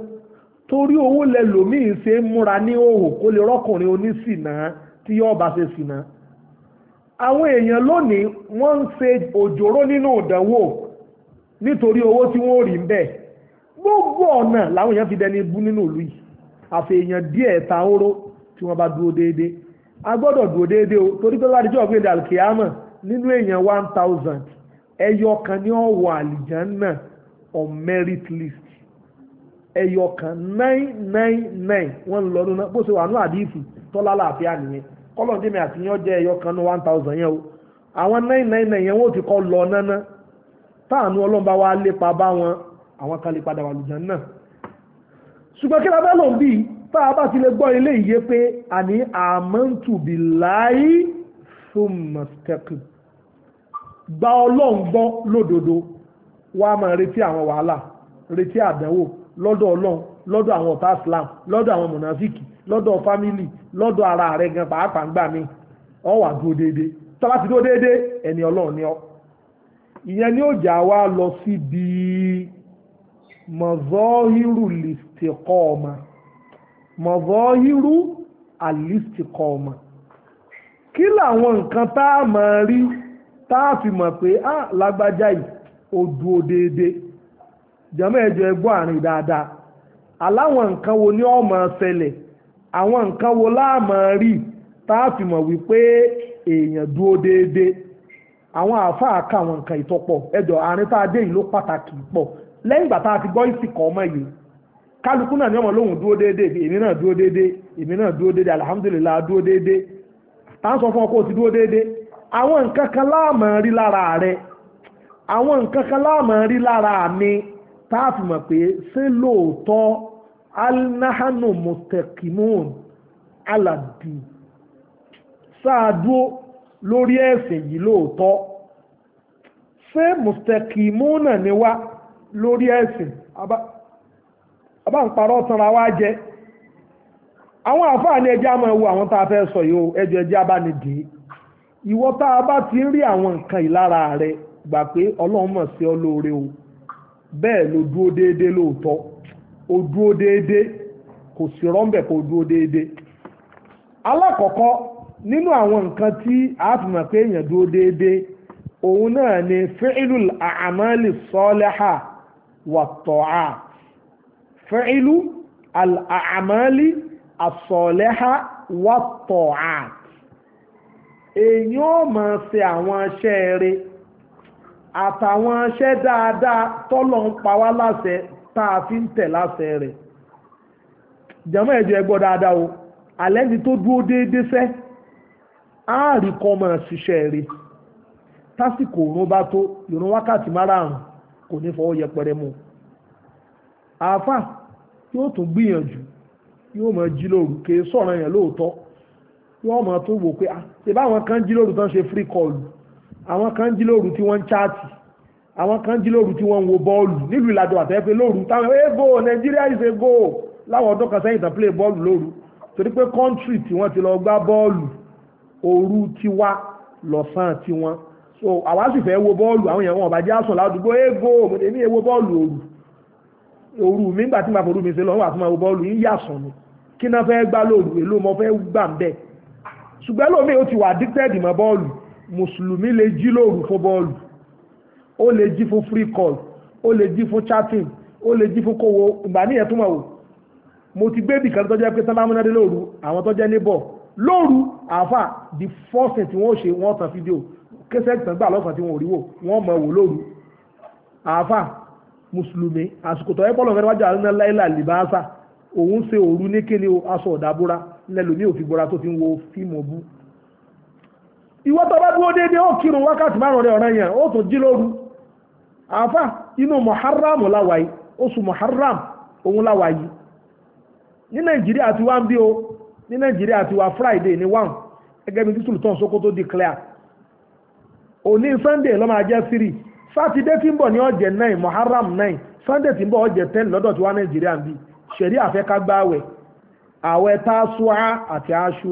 torí owó lẹlòmíì ṣe ń múra ní òhò kó lè rọ́kùnrin oníṣìnà tí yóò bá ṣe ṣìnà àwọn èèyàn lónìí wọ́n ń ṣe òjòrò nínú ìdánwò nítorí owó tí wọ́n rí ń gbogbo ọ̀nà làwọn èèyàn fi dẹni bú nínú ìlú yìí díẹ̀ ta oró tí wọ́n bá dúró déédéé a gbọ́dọ̀ dúró déédéé o torí pé di nínú èèyàn one thousand ẹyọ kan ní ọ̀wọ̀ àlìjánà on merit list ẹyọ kan nine nine nine wọ́n lọ nínú bó ṣe wà ní àdìsí tọ́lá láàfíà nìyẹn kọ́lọ̀ dèmi àtìyàn jẹ́ ẹyọ kan ní one thousand yẹn o àwọn nine nine nine yẹn wọ́n ti kọ́ lọ náná táànù ọlọ́mọba wa lépa bá wọn àwọn kan lè padà wà àlìjánà ṣùgbọ́n kí la bá lòun bíi tá a bá ti lè gbọ́ ilé ìyé pé àní àmọ́ntùbí láyé thumma istaqim gba ọlọ́run gbọ́ lódodo wá máa retí àwọn wàhálà retí àdánwò lọ́dọ̀ ọlọ́run lọ́dọ̀ àwọn ọ̀tá islam lọ́dọ̀ àwọn mọ̀nàfíkì lọ́dọ̀ fámìlì lọ́dọ̀ ara rẹ̀ gan pàápàá ń gbà mí ọ wà dúró déédé tó bá ti dúró déédé ẹni ọlọ́run ni ọ. ìyẹn ni ó jà wá lọ síbi mọ̀zọ́hírù lìstìkọ́ ọmọ mọ̀zọ́hírù àlìstìkọ́ ọmọ. kí làwọn nǹkan tá a máa rí tá a fi mọ̀ pé á ah, lágbájá yìí ó dúró déédéé jẹ́mọ́ ẹ̀jọ̀ ẹgbọ́n àárín dáadáa aláwọn nǹkan wo ni ó máa ṣẹlẹ̀ àwọn nǹkan wo la máa rí tá a fi mọ̀ wípé èèyàn dúró déédéé àwọn àáfàá ka àwọn nǹkan àárín tá a dé yìí ló pàtàkì ìgbà tá a ti ọmọ yìí kálukú náà ni ọmọ lóhùn dúró déédéé èmi náà dúró déédéé èmi náà dúró déédéé alihamudulilayi dúró tá ń fún ọkọ awọn dúró àwọn nǹkan kan láàmà rí lára rẹ àwọn nǹkan kan láàmà rí lára mi tá mọ̀ pé ṣé lóòótọ́ alnahanu mustaqimun aladi sáàdúó lórí ẹ̀sìn yìí lóòótọ́ ṣé ni wá lórí ẹ̀sìn wá jẹ́ àwọn àfáà ní ẹjẹ́ àmọ́ ẹwọ àwọn tá a fẹ́ sọ yìí ẹjọ́ ẹjẹ́ abánidì ìwọ tá a bá ti rí àwọn nǹkan ìlara rẹ gbà pé ọlọ́run mọ̀ sí ọ lóore o bẹ́ẹ̀ ló dúró déédéé lóòótọ́ o dúró déédéé kò sí rọ́ńbẹ̀ kò dúró déédéé alákọ̀ọ́kọ́ nínú àwọn nǹkan tí a fi mọ̀ pé èèyàn dúró déédéé òun náà ni fi'ilul a'amali saliha wa ta'at fi'ilu al àsọ̀lẹ́há wàtọ̀ àt èyàn ò mọ̀ ṣe àwọn iṣẹ́ eré àtàwọn iṣẹ́ dáadáa tọ́lọ̀ ń pa wá láṣẹ tá a fi ń tẹ̀ láṣẹ rẹ̀ jàmọ́ ẹ̀jọ̀ ẹ gbọ́ dáadáa o alẹ́ ni tó dúró déédéé fẹ́ áàrí kan máa ṣiṣẹ́ eré tásìkò òun bá tó ìrun wákàtí márààrún kò ní fọwọ́ yẹpẹrẹ mú àáfà yóò tún gbìyànjú yóò mọ jí lóru kì í sọ̀rọ̀ yẹn lóòótọ́ yóò mọ tó wò pé ah ṣèbá àwọn kan jí lóru tán ṣe free call àwọn kan jí lóru tí wọ́n ń chaati àwọn kan jí lóru tí wọ́n ń wo bọ́ọ̀lù nílùú ìlàjọ àtẹ́fẹ́ lóru táwọn ẹ go nàìjíríà is a go láwọn ọdún kan sẹ́yìn tán play bọ́ọ̀lù lóru torí pé country tí wọ́n ti lọ gbá bọ́ọ̀lù òru tiwa lọ́sàn tiwọn so àwa sì fẹ́ wo bọ́ọ̀lù àwọn èèyàn wọn ọ̀bàjẹ́ àsùn ládùúgbò ẹ go èmi ẹ wo bọ́ọ̀lù òru òru mi nígbà tí màá forú mi ṣe lọ wà fún ma wo bọ́ọ̀lù yín yàsàn ni kí náà fẹ́ gbá lóru èló mo fẹ́ gbà ń bẹ̀ ṣùgbọ́n lómi ó ti wà addicted mọ́ bọ́ọ̀lù mùsùlùmí lè jí lóru fún bọ́ọ̀lù ó lè jí fún free call ó lè jí fún chatting ó lè jí fún kówó ìgbà níyẹn tó mọ̀ wò mo ti gbé ibìkan tó jẹ́ pé sábà múnádé lóru àwọn tó jẹ́ níbọ̀ lóru àáfà the first thing tí wọ́n ṣe wọ́n tan fídíò kẹsẹ̀ tán gbà lọ́sàn-án àáfà musulumi àsìkò tọ́ ẹ́pọ̀ lọ́fẹ́ wájú àrùn láìlà lìbáàsà òun ṣe òru ní kíni o aṣọ ọ̀dàbúra lẹ́lòmí ò fi bora tó ti ń wo fíìmù bú. ìwọ dúró ó kírun wákàtí márùn rẹ ọ̀ràn yẹn ó tún jí lóru ti wá ń bí ti wá friday ní bí sultan sokoto declare òní sunday máa jẹ́ sátidé tí ń bọ̀ ní ọ̀jẹ̀ muharram nine sunday tí ń bọ̀ ọ̀jẹ̀ ten lọ́dọ̀ tí wá nàìjíríà ń bí ṣẹ̀rí àfẹ́kágbáwẹ̀ àwẹ̀ àti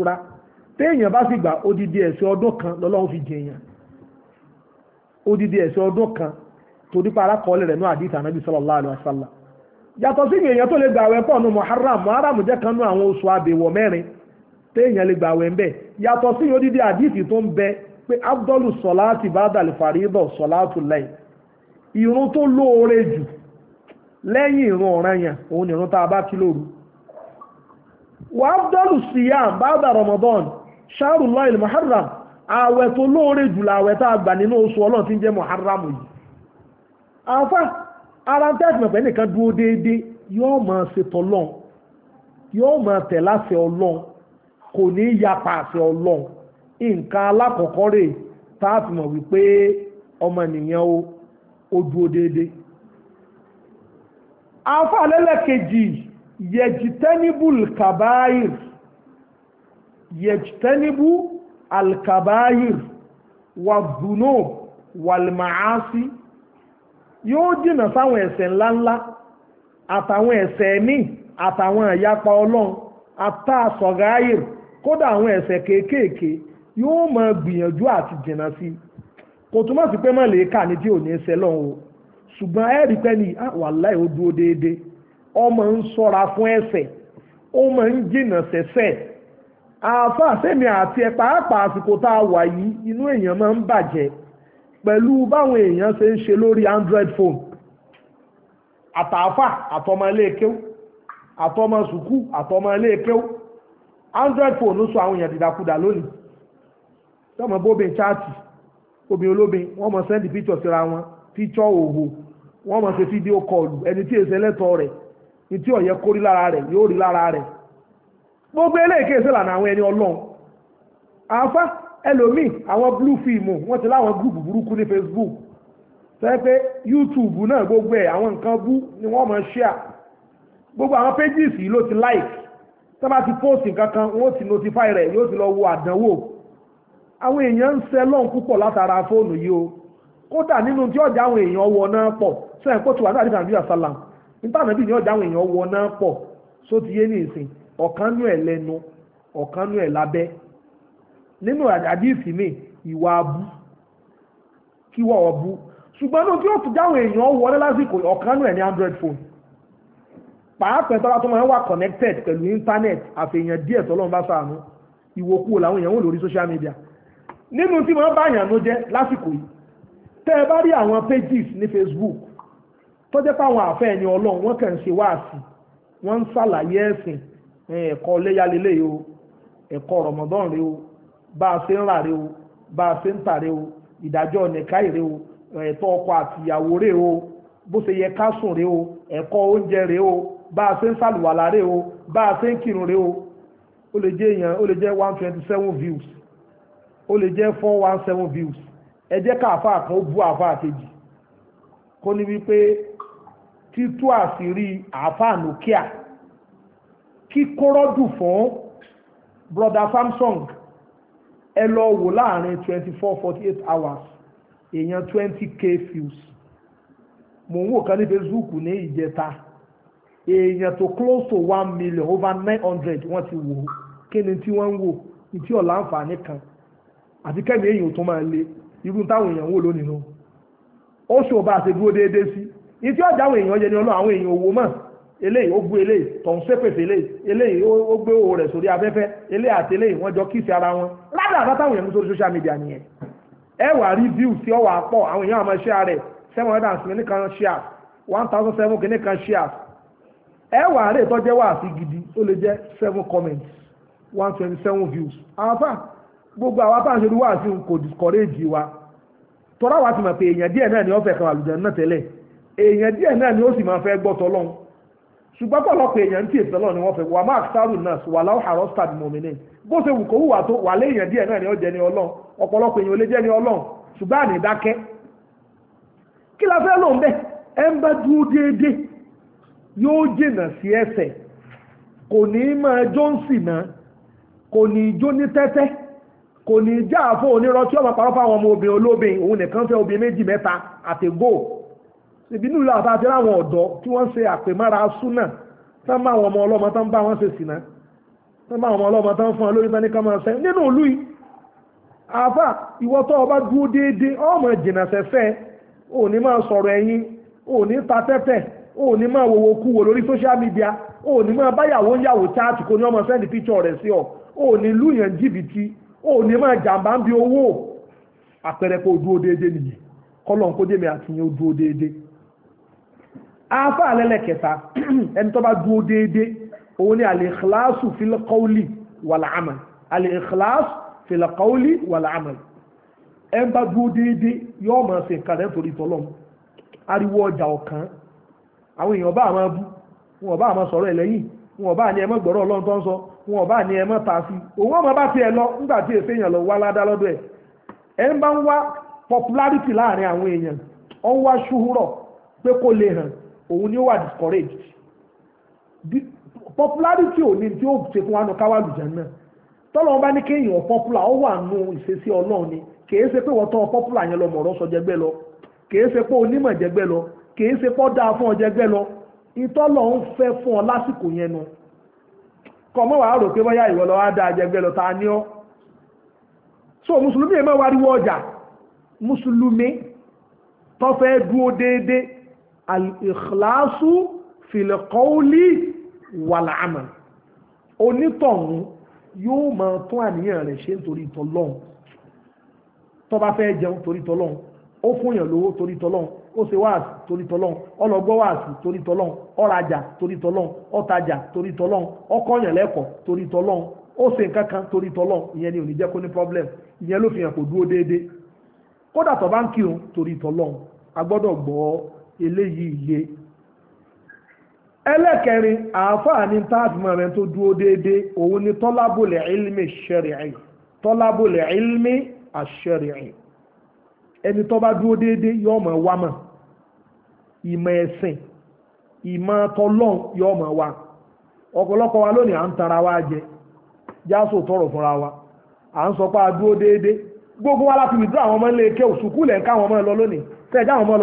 téèyàn bá sì odidi ẹ̀sẹ̀ ọdún kan lọ́lọ́run fi odidi ẹ̀sẹ̀ ọdún kan torí pa alákọọ́lẹ̀ rẹ̀ ní àdìsí sallallahu alayhi wa sallam yàtọ̀ sí pé abdullu sọláàtì bádàlì fàrídọ̀ sọláàtù láì ìrun tó lóore jù lẹ́yìn ìrun ọ̀ranyàn òun ni ìrun tá a bá kí lóru wà abdullu siyam ramadan ṣáàrù lọ́ìl muharram ààwẹ̀ tó lóore jù láàwẹ̀ tá a gbà nínú oṣù ọlọ́run tí ń jẹ́ muharram yìí àfa ara tẹ́sí mọ̀pẹ́ nìkan dúró déédéé yóò nǹkan alákọ̀ọ́kọ́ rẹ̀ tá a fi mọ̀ wípé ọmọnìyàn o ó dúró déédé afalẹ́lẹ́kejì yẹjitẹ́nibul kabayir yẹjitẹ́nibu alkabayir wàdùnú wàlmàásí yóò jìnà sáwọn ẹ̀ṣẹ̀ ńláńlá àtàwọn ẹ̀ṣẹ̀ ẹ̀mí àtàwọn àyapa ọlọ́run àtàsọ̀gáyìr kódà àwọn ẹ̀ṣẹ̀ kéékèèké yóò máa gbìyànjú àti jìnnà sí kò túmọ̀ sí pé mọ̀lẹ́ kà ní tí ò ní ṣe lọ́hùn o ṣùgbọ́n ẹ̀rí pẹ́ ni wàláì ó dúró déédéé ọmọ ń sọ́ra fún ẹ̀ṣẹ̀ ó máa ń jìnnà sẹ́sẹ̀ àáfà sẹ́mi àti ẹ̀ pàápàá àsìkò tá a wà yìí inú èèyàn máa ń bàjẹ́ pẹ̀lú báwọn èèyàn ṣe ń ṣe lórí android phone àtàáfà àtọmọ iléekéw àtọmọ sùkú àtọmọ iléekéw android phone ló sọ àwọn èèyàn dìdàkudà lónìí tọ́mọ bóbin chaati obìnrin olóbin wọ́n mọ̀ sẹ́ndì píṣọ̀ síra wọn píṣọ̀ òhò wọ́n mọ̀ ṣe fídíò kọlù ẹni tí èsì ẹlẹ́tọ̀ọ́ rẹ̀ ní tí ọ̀yẹ́ kórí lára rẹ̀ yóò rí lára rẹ̀ gbogbo eléyìí èsì lànà àwọn ẹni ọlọ́run àáfà ẹlòmíì àwọn blue film wọ́n ti láwọn gúrùpù burúkú ní Facebook sọ pé YouTube náà gbogbo ẹ̀ àwọn nǹkan bú ni wọ́n mọ̀ share gbogbo àwọn pages yìí ló ti like tọ́ bá ti post nǹkan kan wọ́n ti notify rẹ̀ yóò ti lọ wo àdánwò àwọn èèyàn ń sẹ lọ́n púpọ̀ látara fóònù yìí o kódà nínú tí ọjà àwọn èèyàn wọ náà pọ̀ sẹ́yìn pọ̀ tí wà láti nàìjíríà sálàm nítànàbí ni ọjà àwọn èèyàn wọ náà pọ̀ só ti yé ní ìsìn ọ̀kan nú ẹ̀ lẹ́nu ọ̀kan nú ẹ̀ lábẹ́ nínú àdìsí mi ìwà abú kíwọ́ ọ̀bú ṣùgbọ́n ní tí ó tún jáwọn èèyàn wọlé lásìkò ọ̀kan nú ẹ̀ ní android phone pàápàá tọ́lá tó máa ń pẹ̀lú internet àfihàn díẹ̀ tọ́lọ́run bá ṣàánú ìwòkúwò làwọn social media nínú tí wọ́n bá yàn ló jẹ́ lásìkò yìí tẹ́ ẹ bá rí àwọn pages ní Facebook tó jẹ́ páwọn àfẹ́ ẹni ọlọ́run wọ́n kàn ń ṣe wáàsì wọ́n ń ṣàlàyé ẹ̀sìn ẹ̀kọ́ léyálélé o ẹ̀kọ́ Ramadan rẹ o bá a ṣe ń rà rẹ o bá a ṣe ń tà rẹ o ìdájọ́ nìka rẹ o ẹ̀tọ́ ọkọ àtìyàwó rẹ o bó ṣe yẹ ká sùn rẹ o ẹ̀kọ́ oúnjẹ rẹ o bá a ṣe ń ṣàlùwàlà rẹ o bá a ṣe ń kírun rẹ o ó lè jẹ́ one twenty seven views ó lè jẹ́ four one seven views ẹ jẹ́ káàfà kan ó bú àfà kejì kó ní wípé títú àṣírí àfà nokia kíkọ́rọ́dù fún brother Samsung ẹ lọ wò láàrin twenty four hours èèyàn 20 k views mò ń wò kan ní Facebook ní ìjẹta èèyàn tó close to one million over nine hundred wọ́n ti wò ó kí ni tí wọ́n ń wò ní tí ọ̀la àǹfààní kan àti kẹ́mi èyàn tó máa le irú táwọn èèyàn wò lónìí nù ó ṣò bá a ṣe dúró déédéé sí ní tí ọjà àwọn èèyàn jẹ ní ọlọ́run àwọn èèyàn owó mọ̀ eléyìí ó gbé eléyìí tọ̀hún sépèsè eléyìí eléyìí ó gbé owó rẹ̀ sórí afẹ́fẹ́ eléyìí àti eléyìí wọ́n jọ kíìsì ara wọn ládàá bá èèyàn sórí social media nìyẹn ẹ wà rí view tí ọ wà àwọn èèyàn àmọ́ share rẹ̀ seven hundred and seventy kan share one thousand seven kìíní kan share ẹ wà rè tọ́jẹ́ wà gidi ó lè jẹ́ seven comments one twenty seven views àwọn fáà gbogbo àwọn apá àṣírí wà sí kò wa tọ́ra wa ti mọ̀ pé èèyàn díẹ̀ náà ni ó fẹ́ kan àlùjànnà náà tẹ́lẹ̀ èèyàn díẹ̀ náà ni ó sì máa fẹ́ gbọ́ tọ́lọ́hún ṣùgbọ́n pọ̀lọpọ̀ èèyàn tí ìtọ́lọ́ ni wọ́n fẹ́ wà máa sáàrù náà wà láwọn àrọ́ mọ̀mìnì bó ṣe wù kó wùwà tó wà léèyàn díẹ̀ náà ni ó jẹ́ ọlọ́run ọ̀pọ̀lọpọ̀ èèyàn lè jẹ́ ọlọ́run ṣùgbọ́n àní dákẹ́ kí la fẹ́ lò ń bẹ́ ẹ ń bá dúró kò ní já oniran onírọ́ tí ọmọ parọ́ fáwọn ọmọ obìnrin olóbìn òun nìkan fẹ́ obìnrin méjì mẹ́ta àtẹ̀gò ìbínú ìlú àtàtì láwọn ọ̀dọ́ tí wọ́n ṣe àpèmára súnà tán bá àwọn ọmọ ọlọ́mọ tán bá wọn ṣe sìnà tán bá àwọn ọmọ tán fún lórí tán ní ká máa ọba dúró ọmọ ò ní máa ò ní ta tẹ́tẹ́ ò ní máa wòwò kú wò lórí social media ò ní máa báyàwó ń yàwó chaati kò ní ọmọ sẹ́ndì ó ní máa jàǹbá ń bi owó àpẹẹrẹ pé ó dúró déédéé nìyí kọ́lọ̀ ń kó jẹ́mi àti yẹn ó dúró déédéé afa alẹ́lẹ́kẹta ẹni tó bá dúró déédéé òun ni al-ikhlasu fil qawli wal amal al-ikhlasu fil qawli wal amal bá dúró déédéé máa ṣe nǹkan rẹ̀ nítorí tọ́lọ́m ariwo ọjà ọ̀kan àwọn èèyàn bá àwọn abú wọn bá àwọn sọ̀rọ̀ ẹlẹ́yìn wọn bá ní ẹmọ́ gbọ́rọ̀ ọlọ́run tó ń sọ wọn bá ní ẹmọ́ tààfí òun ọmọ bá ti ẹ lọ nígbà tí èsè èèyàn lọ wá ládá lọ́dọ̀ ẹ̀ ẹ ń bá ń wá popularity láàrin àwọn èèyàn ọ ń wá ṣúhúrọ̀ pé kó lè hàn òun ni ó wà discouraged popularity ò ní tí ó ṣe fún wa nù káwá lùjẹ́ náà tọ́lọ́wọ́n bá ní kéèyàn popular ó wà nù ìṣesí ọlọ́run ni kìí ṣe pé wọ́n tọ́ popular yẹn lọ mọ̀ọ́rọ́ sọ jẹgbẹ́ lọ kìí ṣe pé onímọ̀ jẹgbẹ́ lọ kìí ṣe pé ó dáa fún ọ jẹgbẹ́ lọ ìtọ́lọ̀ ń fẹ́ fún ọ lásìkò yẹn nu kọ mọ́ wàá rò pé bọ́yá ìwọ lọ wá dá ajẹgbẹ́ lọ ta ni ọ́ so mùsùlùmí ẹ̀ máa wariwo ọjà mùsùlùmí tó fẹ́ dúró al-ikhlasu fil-qawli wal-amal onítọ̀hún yóò máa tún àníyàn rẹ̀ ṣe nítorí tọlọ́hun tó bá fẹ́ jẹun torí tọlọ́hun ó fún yàn lówó torí tọlọ́hun ó ṣe wáàsí torí tọlọ́n ọlọ́gbọ́ wáàsí torí tọlọ́n ọ̀rajà torí tọlọ́n ọ̀tajà torí tọlọ́n ọkọ̀yàn torí tọlọ́n ó ṣe nǹkan kan torí tọlọ́n ìyẹn ni ò ní jẹ́ kó ní problem ìyẹn ló fi hàn kó dúró déédéé kódà tó bá ń kírun torí tọlọ́n a gbọ́dọ̀ gbọ́ eléyìí yé ẹlẹ́kẹrin àáfààní táàfìmọ̀ rẹ̀ tó dúró déédéé òun ni tọ́lábòlẹ̀ ilmi ṣẹ̀rìí tọ́lábòlẹ̀ ilmi àṣẹ̀rìí ẹni tó bá dúró déédéé yóò mọ̀ wá mọ̀ wa lónìí à ń tara wa jẹ jáso tọrọ fúnra wa à ń sọ pé a dúró déédéé gbogbo wa láti wìdúrà àwọn ọmọ iléeké òsùkú lẹ̀ ń ká àwọn ọmọ lónìí àwọn ọmọ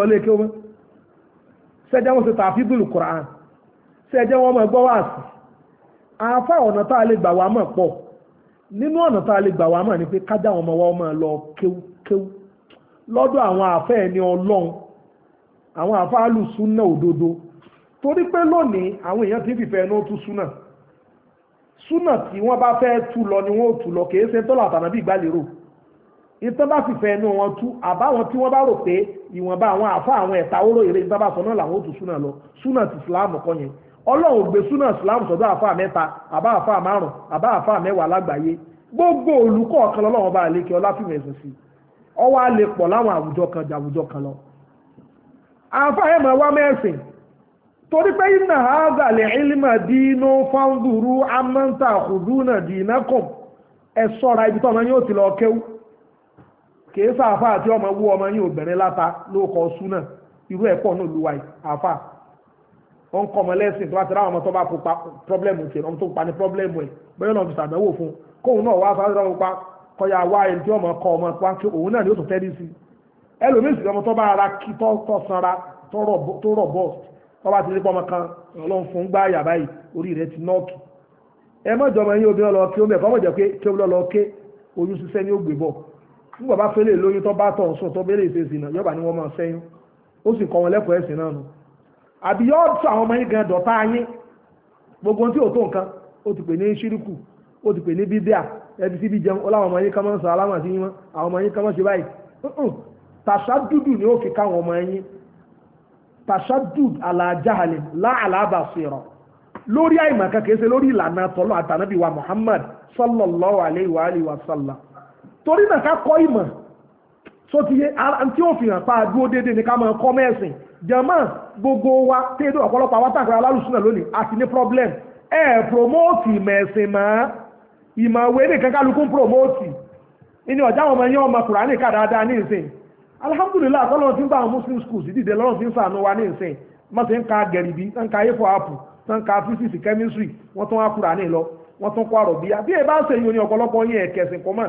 wọn ti ta fíbùlù wọn sí ọ̀nà tá a lè gbà wá mọ̀ pọ̀ nínú ọ̀nà tá a lè lọ́dọ̀ àwọn àfẹ́ ẹni ọlọ́run àwọn àfáàlù súnà òdodo torí pé lónìí àwọn èèyàn ti fìfẹ́ ẹnu tú súnà súnà tí wọ́n bá fẹ́ tú lọ ni wọ́n ò tú lọ kìí ṣe tọ́lọ̀ àtànàbí ìgbàlérò ìtàn bá fìfẹ́ ẹnu wọn tú àbáwọn tí wọ́n bá rò pé ìwọ̀nba àwọn àfa àwọn ẹ̀ta oró èrè ìtàn bá sọ náà làwọn ò tú súnà lọ súnà ti ìsìláàmù kọ́ yẹn ọlọ́run ò gbé súnà ìsìláàmù sọ́dọ̀ àfa mẹ́ta àbá àfa márùn àbá àfa mẹ́wàá lágbàáyé gbogbo olùkọ́ ọ̀kan lọ́lọ́run bá àlékè ọlá fìmọ̀ ẹ̀sìn sí i ọ wá lè pọ̀ láwọn àwùjọ kan ju àwùjọ kan lọ. àfáàyè máa wá mẹ́sìn torí pé iná àgbà lè ilmà dínú fáńdùrú amáńtà àkùdúnà dìínákùn ẹ sọ́ra ibi tó ọmọ yóò ti lọ kéwú kìí sáfà àti ọmọ wú ọmọ bẹ̀rẹ̀ láta ló súnà irú náà wáyé ó ń kọ́ ọmọ lẹ́sìn tó bá ti ọmọ tó bá pupa pọ́blẹ́mù tiẹ̀ ọmọ tó pa ní pọ́blẹ́mù ẹ̀ bẹ́ẹ̀ náà fi fún kọyà wá ẹni tí ọmọ kọ ọmọ pa kí òun náà ni ó tún tẹ́lẹ̀ sí ẹlòmíì sì ọmọ tó bá ara kí tó sanra tó rọ̀ bọ́ tó bá ti lé pọ́mọ kan ọlọ́run fún gbá yàrá yìí orí rẹ̀ ti nọ́ọ̀kì ẹ mọ̀jọ́ ọmọ yín obìnrin ọlọ́ọ̀kẹ́ ó mẹ́kọ́ mọ̀jọ́ pé kí ó lọ́ọ́ ké oyún ṣiṣẹ́ ní ògbé bọ̀ nígbà bá fẹ́lẹ̀ lóyún tó bá tọ̀ sùn tó bẹ́lẹ̀ ìṣesì náà yọ̀bà ni wọn lẹ́kọ̀ọ́ ẹ̀sìn ẹbí síbi jẹun ọláwọn ọmọ yín kọ́ máa ń sọ aláwọ̀ sí yín mọ́ àwọn ọmọ yín kọ́ máa ṣe báyìí tàṣà dúdú ni ó fi káwọn ọmọ yín tàṣà dúdú alájáhalẹ̀ láàlábà sèrọ̀ lórí àìmọ̀kan kìí ṣe lórí ìlànà tọ́lọ́ àtànábì wa Muhammad sallallahu alayhi wa alayhi wa sallam torí náà ká kọ́ ìmọ̀ tó ti yé tí ó fi hàn pa àdúró déédéé ní ká máa kọ́ mẹ́sìn jẹ̀mọ́ gbogbo wa téèdó ọ̀pọ̀lọpọ̀ àwọn tàkàrà alálùsùn náà lónìí àti ní problem ẹ̀ promote ìmọ̀ ẹ̀sìn máa ìmọ̀ òwe nìkan kálukú ń promote inú ọjà àwọn ọmọ ẹ̀yìn ọmọ kùránì kà dáadáa ní ìsìn alhamdulillah akọ́lọ́run ti ń bá àwọn muslim schools dìde lọ́rùn ti ń sàánú wa ní ìsìn nka ti ń ka gẹ̀rìbí wọ́n ń ka efo apu ń ka physics chemistry wọ́n tún wá kùránì lọ wọ́n tún kọ́ àròbíyá bí ẹ bá ṣe yìí ní ọ̀pọ̀lọpọ̀ yín ẹ̀kẹ́sìn kọ́mọ̀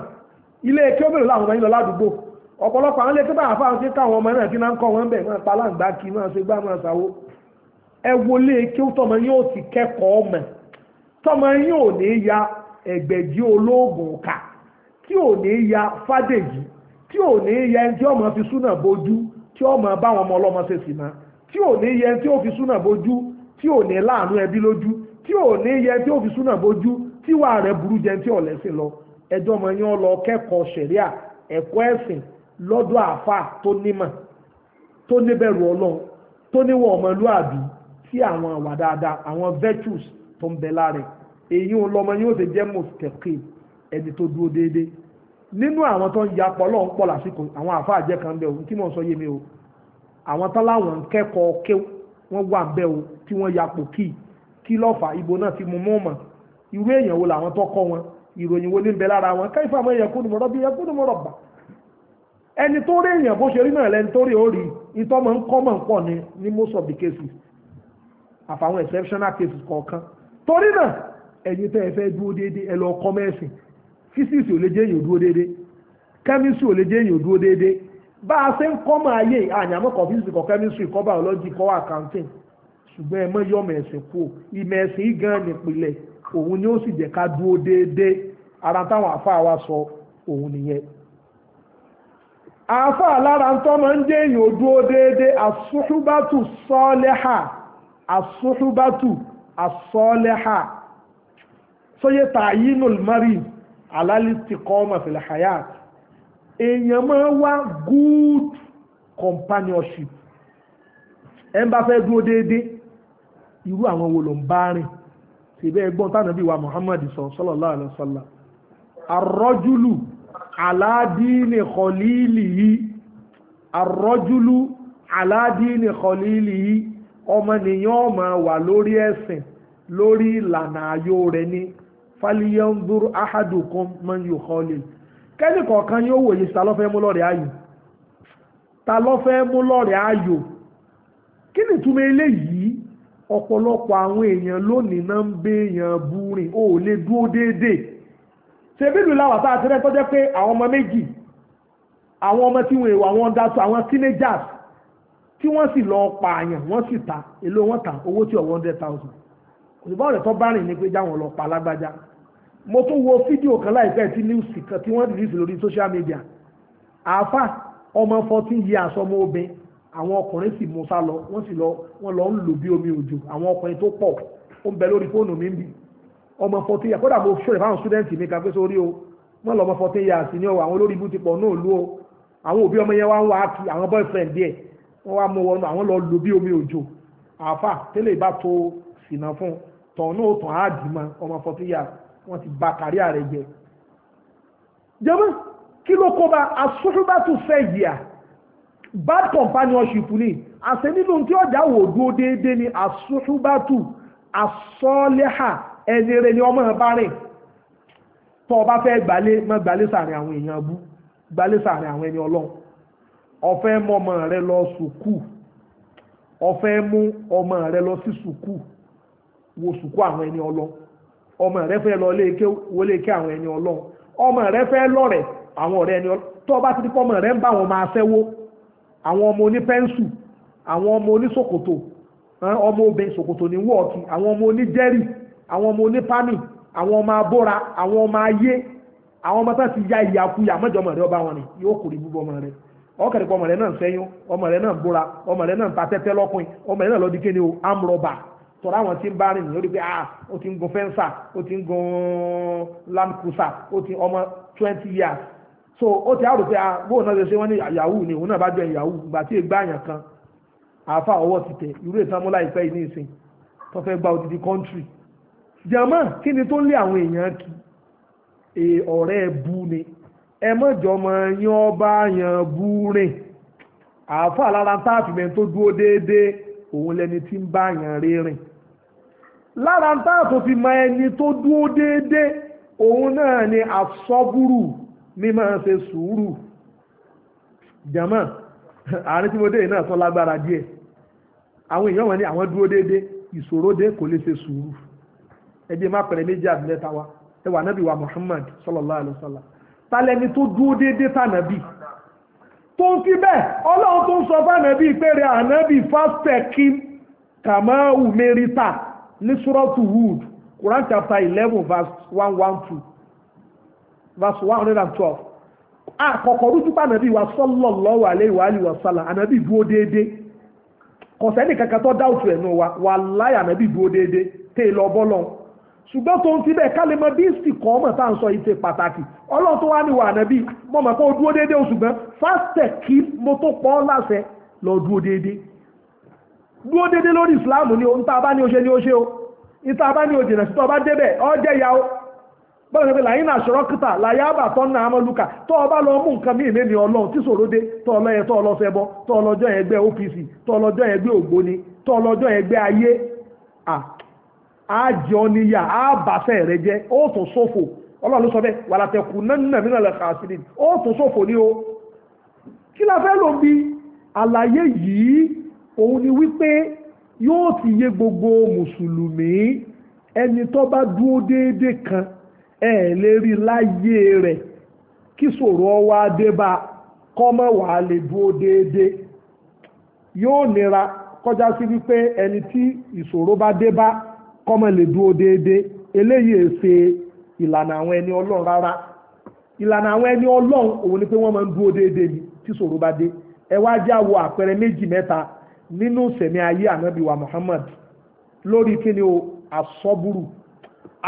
ẹgbẹ̀jì olóògùn kà tí ò ní ya fádèjì tí ò ní ya ẹni tí ọmọ fi súnà bójú tí ọmọ báwọn ọmọ ọlọ́mọ ṣe sì máa tí ò ní yẹ tí ó fi súnà bójú tí ò ní láàánú ẹbí lójú tí ò ní yẹ tí ó fi súnà bójú tí wà rẹ̀ burú jẹ tí ò lẹ́sìn lọ ẹjọ́ ọmọ yẹn lọ kẹ́kọ̀ọ́ ṣẹ̀ríà ẹ̀kọ́ ẹ̀sìn lọ́dọ̀ àáfà tó nímọ̀ tó níbẹ̀rù ọlọ́run tó níwọ̀ ọmọlúàbí tí àwọn àwà àwọn virtues tó ń bẹ lára èyí ò lọ́mọ yóò ṣe jẹ́ mọ̀tẹ́kì ẹni tó dúró déédéé nínú àwọn tó ń yapọ̀ lọ́n pọ̀ lásìkò àwọn àfáà jẹ́ kan bẹ́ẹ̀ o tí mò ń sọ yé mi o àwọn tán láwọn ń kẹ́kọ̀ọ́ ké wọ́n wà ń bẹ́ẹ̀ o tí wọ́n yapọ̀ kí kí lọ́fà ibo náà ti mú mọ́ mọ́ irú èèyàn wo làwọn tó kọ́ wọn ìròyìn wo ní ń bẹ lára wọn káyífà mọ́ èèyàn kúndùmọ́ rọ́bì èèyàn kúndùmọ́ rọ̀bà ẹni tó rí èèyàn bó ṣe rí náà lẹni tó rí ó rí ìtọ́ mọ̀ ń kọ́ mọ̀ ń pọ̀ ní ní most of the cases àfàwọn exceptional cases kọ̀ọ̀kan torí náà ẹ̀yin tẹ́ ẹ fẹ́ dúró déédé ẹ lọ kọ́ mẹ́sìn físíìsì ò lè jẹ́ èyàn dúró déédé kẹ́mísì ò lè jẹ́ dúró déédé bá a ṣe ń kọ́ máa yé àyàmọ́ kọ́ físíìsì kọ́ kẹ́mísì kọ́ bàọ́lọ́jì kọ́ àkáǹtìn ṣùgbọ́n ẹ mọ́yọ́ mẹ̀sìn kú ìmẹ̀sìn gan nípìnlẹ̀ òun ni ó sì jẹ́ ká dúró déédé ara táwọn àfáà sóyè tààyínul mari alálìtìkọ́mà fil hayat èèyàn máa wá good companionship ẹ ń bá fẹ́ dúró déédéé irú àwọn wo ló ń bá rìn síbẹ̀ ẹgbọ́n tánàbí wa Muhammad sọ sallallahu alaihi wasallam arrajulu aládìíní kọlíìlì yìí arrajulu aládìíní kọlíìlì yìí ọmọnìyàn máa wà lórí ẹ̀sìn lórí ìlànà ayọ̀ rẹ̀ ní faliyanzur ahadukum man yukhalil kẹ́ni kọ̀ọ̀kan yóò wòye ta ló fẹ́ mú lọ́rẹ̀ ayò ta ló fẹ́ mú lọ́rẹ̀ ayò kí ni túmọ̀ eléyìí ọ̀pọ̀lọpọ̀ àwọn èèyàn lónìí náà ń bẹ èèyàn búrin ó lè dúró déédéé ṣe bí lùlá wà táà tẹ́lẹ̀ tó jẹ́ pé àwọn ọmọ méjì àwọn ọmọ tí wọ́n èèwọ̀ àwọn ọ̀dà tó àwọn teenagers tí wọ́n sì lọ pààyàn wọ́n sì ta èlò wọn ta owó tí ọ̀ one hundred thousand òṣùpá ọ̀rẹ́ tó bá rìn ní pé jáwọn lọ pa alágbájá mo tún wo fídíò kan láìpẹ́ tí news kan tí wọ́n release lórí social media àáfà ọmọ fourteen years ọmọ obìnrin àwọn ọkùnrin sì mú sá lọ wọ́n sì lọ wọ́n lọ ń lò bí omi òjò àwọn ọkùnrin tó pọ̀ ó ń bẹ lórí fóònù mi ń bì ọmọ fourteen years kódà mo ṣòro fáwọn students mi kan pé sórí o wọ́n lọ ọmọ fourteen years ni o àwọn olórí ibú náà lú o àwọn òbí ọmọ yẹn wá ń wá kí àwọn boyfriend díẹ̀ wọ́n wá mú wọn àwọn lọ lò bí omi òjò àáfà tẹ́lẹ̀ ìbá tó sìnà fún un tọ̀nù òtún àádìmọ̀ ọmọ forty years wọ́n ti ba kárí ààrẹ jẹ. jẹ́mọ́ kí ló kó bá asúnfúnbátù fẹ́ yìí à bad companionship ni àṣẹ nínú tí ọjà wò dúró déédéé ni asúnfúnbátù asọ́lẹ́hà ẹni rẹ̀ ni ọmọ bá rìn tọ́ ọba fẹ́ gbalé mọ́ gbalé sàárín àwọn èèyàn bú gbalé sàárín àwọn ẹni ọlọ́run ọ̀fẹ́ mọ́ ọmọ rẹ lọ sùkúù ọ̀fẹ́ mú ọmọ rẹ lọ sí sùkúù wo sùkú àwọn ẹni ọlọ́ ọmọ rẹ fẹ́ lọ wọlé ké àwọn ẹni ọlọ́ ọmọ rẹ fẹ́ lọ́rẹ̀ àwọn ọ̀rẹ́ ẹni ọlọ́ tó o bá ti di pọ́mọ rẹ ń bá wọn máa fẹ́wó àwọn ọmọ oní pẹ́ńsù àwọn ọmọ oní ṣòkòtò ọmọ obìnrin ṣòkòtò ní wọ́ọ̀kì àwọn ọmọ oní jẹ́rì àwọn ọmọ oní pámì àwọn ọmọ abóra àwọn ọmọ ayé àwọn ọmọ tán ti ya ìyàkuyà mọ́jọmọ̀ rẹ ọba wọn ni yóò kórè búbọ ọmọ rẹ ọkẹrẹkọ ọmọ rẹ náà ń ọmọ rẹ náà ń ọmọ rẹ náà ta tẹ́tẹ́ lọ́kùnrin ọmọ rẹ náà lọ di kéde o amrọba tọ́ra àwọn tí ń bá rìn lórí pé ah ó ti ń gun fẹ́ńsà ó ti ń gun lamkusa ó ti ọmọ twenty years so ó ti àrò pé ah bóun náà ṣe ṣe wọ́n ní yahoo ni òun náà bá jọ yahoo gbà tí ègbà àyàn kan àáfà ọwọ́ ti tẹ̀ irú ìtàmúlá ìfẹ́ yìí ní ìsìn tó fẹ́ gba odidi country jama kí ni tó ń lé àwọn èèyàn kí ọ̀rẹ́ bu ni ẹ mọ̀jọ́ mọ yín ọba yàn bú rìn àáfà lára táàfì mẹ́ni tó dúró déédéé òun lẹni tí ń bá yàn rírìn lára ń tààtò fi mọ ẹni tó dúó déédéé òun náà ni àsọ́búrù mímọ́ ṣe sùúrù jàmá àárín tí mo dé náà tó lágbára díẹ̀ àwọn èèyàn wọn ni àwọn dúó déédéé ìṣòro dé kò lè ṣe sùúrù ẹbí má pẹ̀lẹ́ méjì àbílẹ̀ táwa ẹwà nábì wa Muhammad sallallahu alaihi wasallam tálẹ́ni tó dúó déédéé tànàbì tó ń fi bẹ́ẹ̀ ọlọ́run tó ń sọ fánàbí péré ànábì fásitẹ̀kí kàmáhù mẹ́ríta ní sùrọ́tù Hud Quran chapter eleven verse one tupu hundred and twelve àkọ́kọ́ rújú pànàbí wa sallallahu alaihi wa alihi wa sallam dúó déédé tó wà láyà ṣùgbọ́n tó ń ti bẹ́ẹ̀ kálẹ̀ ite pataki kan ọmọ tá à ń sọ ìṣe pàtàkì ọlọ́run tó wá ní o dúró déédéé ṣùgbọ́n fásitẹ̀ kí mo tó láṣẹ lọ dúró déédéé ni a bá o ṣe ni o ṣe o ìta a bá o jìnà sí o débẹ̀ o bọ́lá làyín náà ṣọ̀rọ̀ kìtà làyà na amọ́lùkà tó o bá lọ mú nǹkan mí ìmẹ́ni ọlọ́run tí sòro dé tó o lọ́yẹ lọ fẹ́ bọ́ lọ́jọ́ OPC lọ́jọ́ á jọ níyà á bàṣẹ rẹ jẹ ó tún ṣòfò ọlọ́run ló sọ bẹ́ẹ̀ wàlàtẹ̀kù náà nínú ẹ̀ka àṣírí ó tún ṣòfò ní o kí la fẹ́ lò bí àlàyé yìí òun ni wípé yóò ti yé gbogbo mùsùlùmí ẹni tó bá dúró déédéé kan ẹ lè rí láyé rẹ̀ kí ṣòro wá dé bá kọ́mọ̀ lè dúró déédéé yóò nira kọjá sí wípé ẹni tí ìṣòro bá dé bá kọ́mọ lè dúró déédéé eléyìí èsè ìlànà àwọn ẹni ọlọ́run rárá ìlànà àwọn ẹni ọlọ́run òun ni pé wọ́n máa ń dúró déédéé ni tí ṣòro bá dé ẹ wá já wo àpẹẹrẹ méjì mẹ́ta nínú sẹ̀mí ayé Muhammad lórí kíni o àsọ́bùrù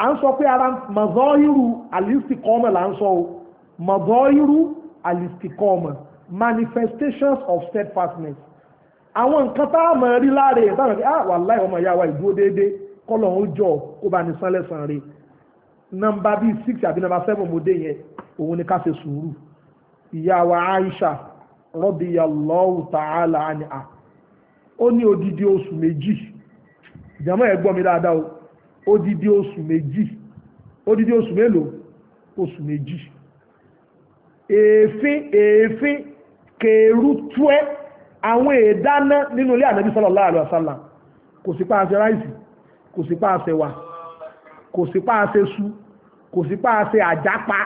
à ń sọ pé ara mọ̀zọ́yìrù àlìsíkọ́mọ̀ là ń sọ o manifestations of steadfastness àwọn nǹkan tá a máa rí láre ẹ̀ ah ọmọ wa kọ́lọ̀ ó jọ kó bá ní sán lẹ́sàn-án rẹ̀ nọ́mbà bíi six àbí nọ́mbà seven mo dé yẹn òun ni ká ṣe sùúrù ìyá wa Aisha radiyallahu ta'ala anha ó ní odidi oṣù méjì ìjàmọ́ ẹ̀ gbọ́ mi dáadáa o odidi oṣù méjì odidi oṣù mélòó oṣù méjì èéfín èéfín kèérú túẹ́ àwọn èédáná nínú ilé ànábì sallallahu alaihi wasallam kò sí pa àṣẹ ráìsì kò sí pa àṣẹ wà kò sí pa àṣẹ su kò sí pa àṣẹ àjápa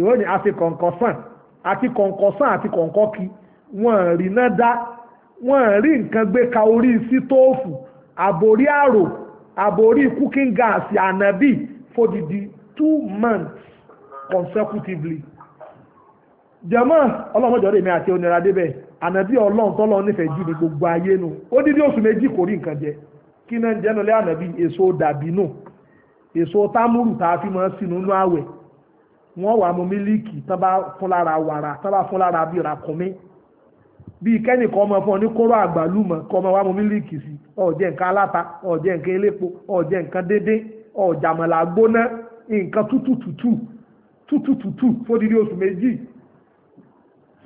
ìwé ni àṣẹ kọ̀ǹkọ̀ sàn àti kọ̀ǹkọ̀ sàn àti kọ̀ǹkọ̀ kí wọ́n rí iná dá wọ́n rí nǹkan gbé ka orí sítóòfù àbórí àrò àbórí cooking gas ànábì fòdìdì two months consecutively jẹmọ́ ọlọ́mọjọ́ rẹ̀ mi àti onírà débẹ̀ ànábì ọlọ́run tọ́lọ́ nífẹ̀ẹ́ jù ní gbogbo ayé nu ó dídí oṣù méjì kò rí nǹkan jẹ kí náà ń jẹ́nu lé ànábì èso dàbínù èso támúrù tá a fi máa ń sinú nú àwẹ̀ wọ́n wà mú mílíìkì tán bá fún lára wàrà tán bá fún lára bí ràkúnmí bí kẹ́nìkan ọmọ fún ọ ní kóró àgbàlùmọ̀ kọ́ ọmọ wa mú mílíìkì sí ọ̀jẹ̀ nǹkan aláta ọ̀jẹ̀ nǹkan elépo ọ̀jẹ̀ nǹkan dédé ọ̀jàmọ̀là gbóná nǹkan tútù tútù tútù tútù fódìdí oṣù méjì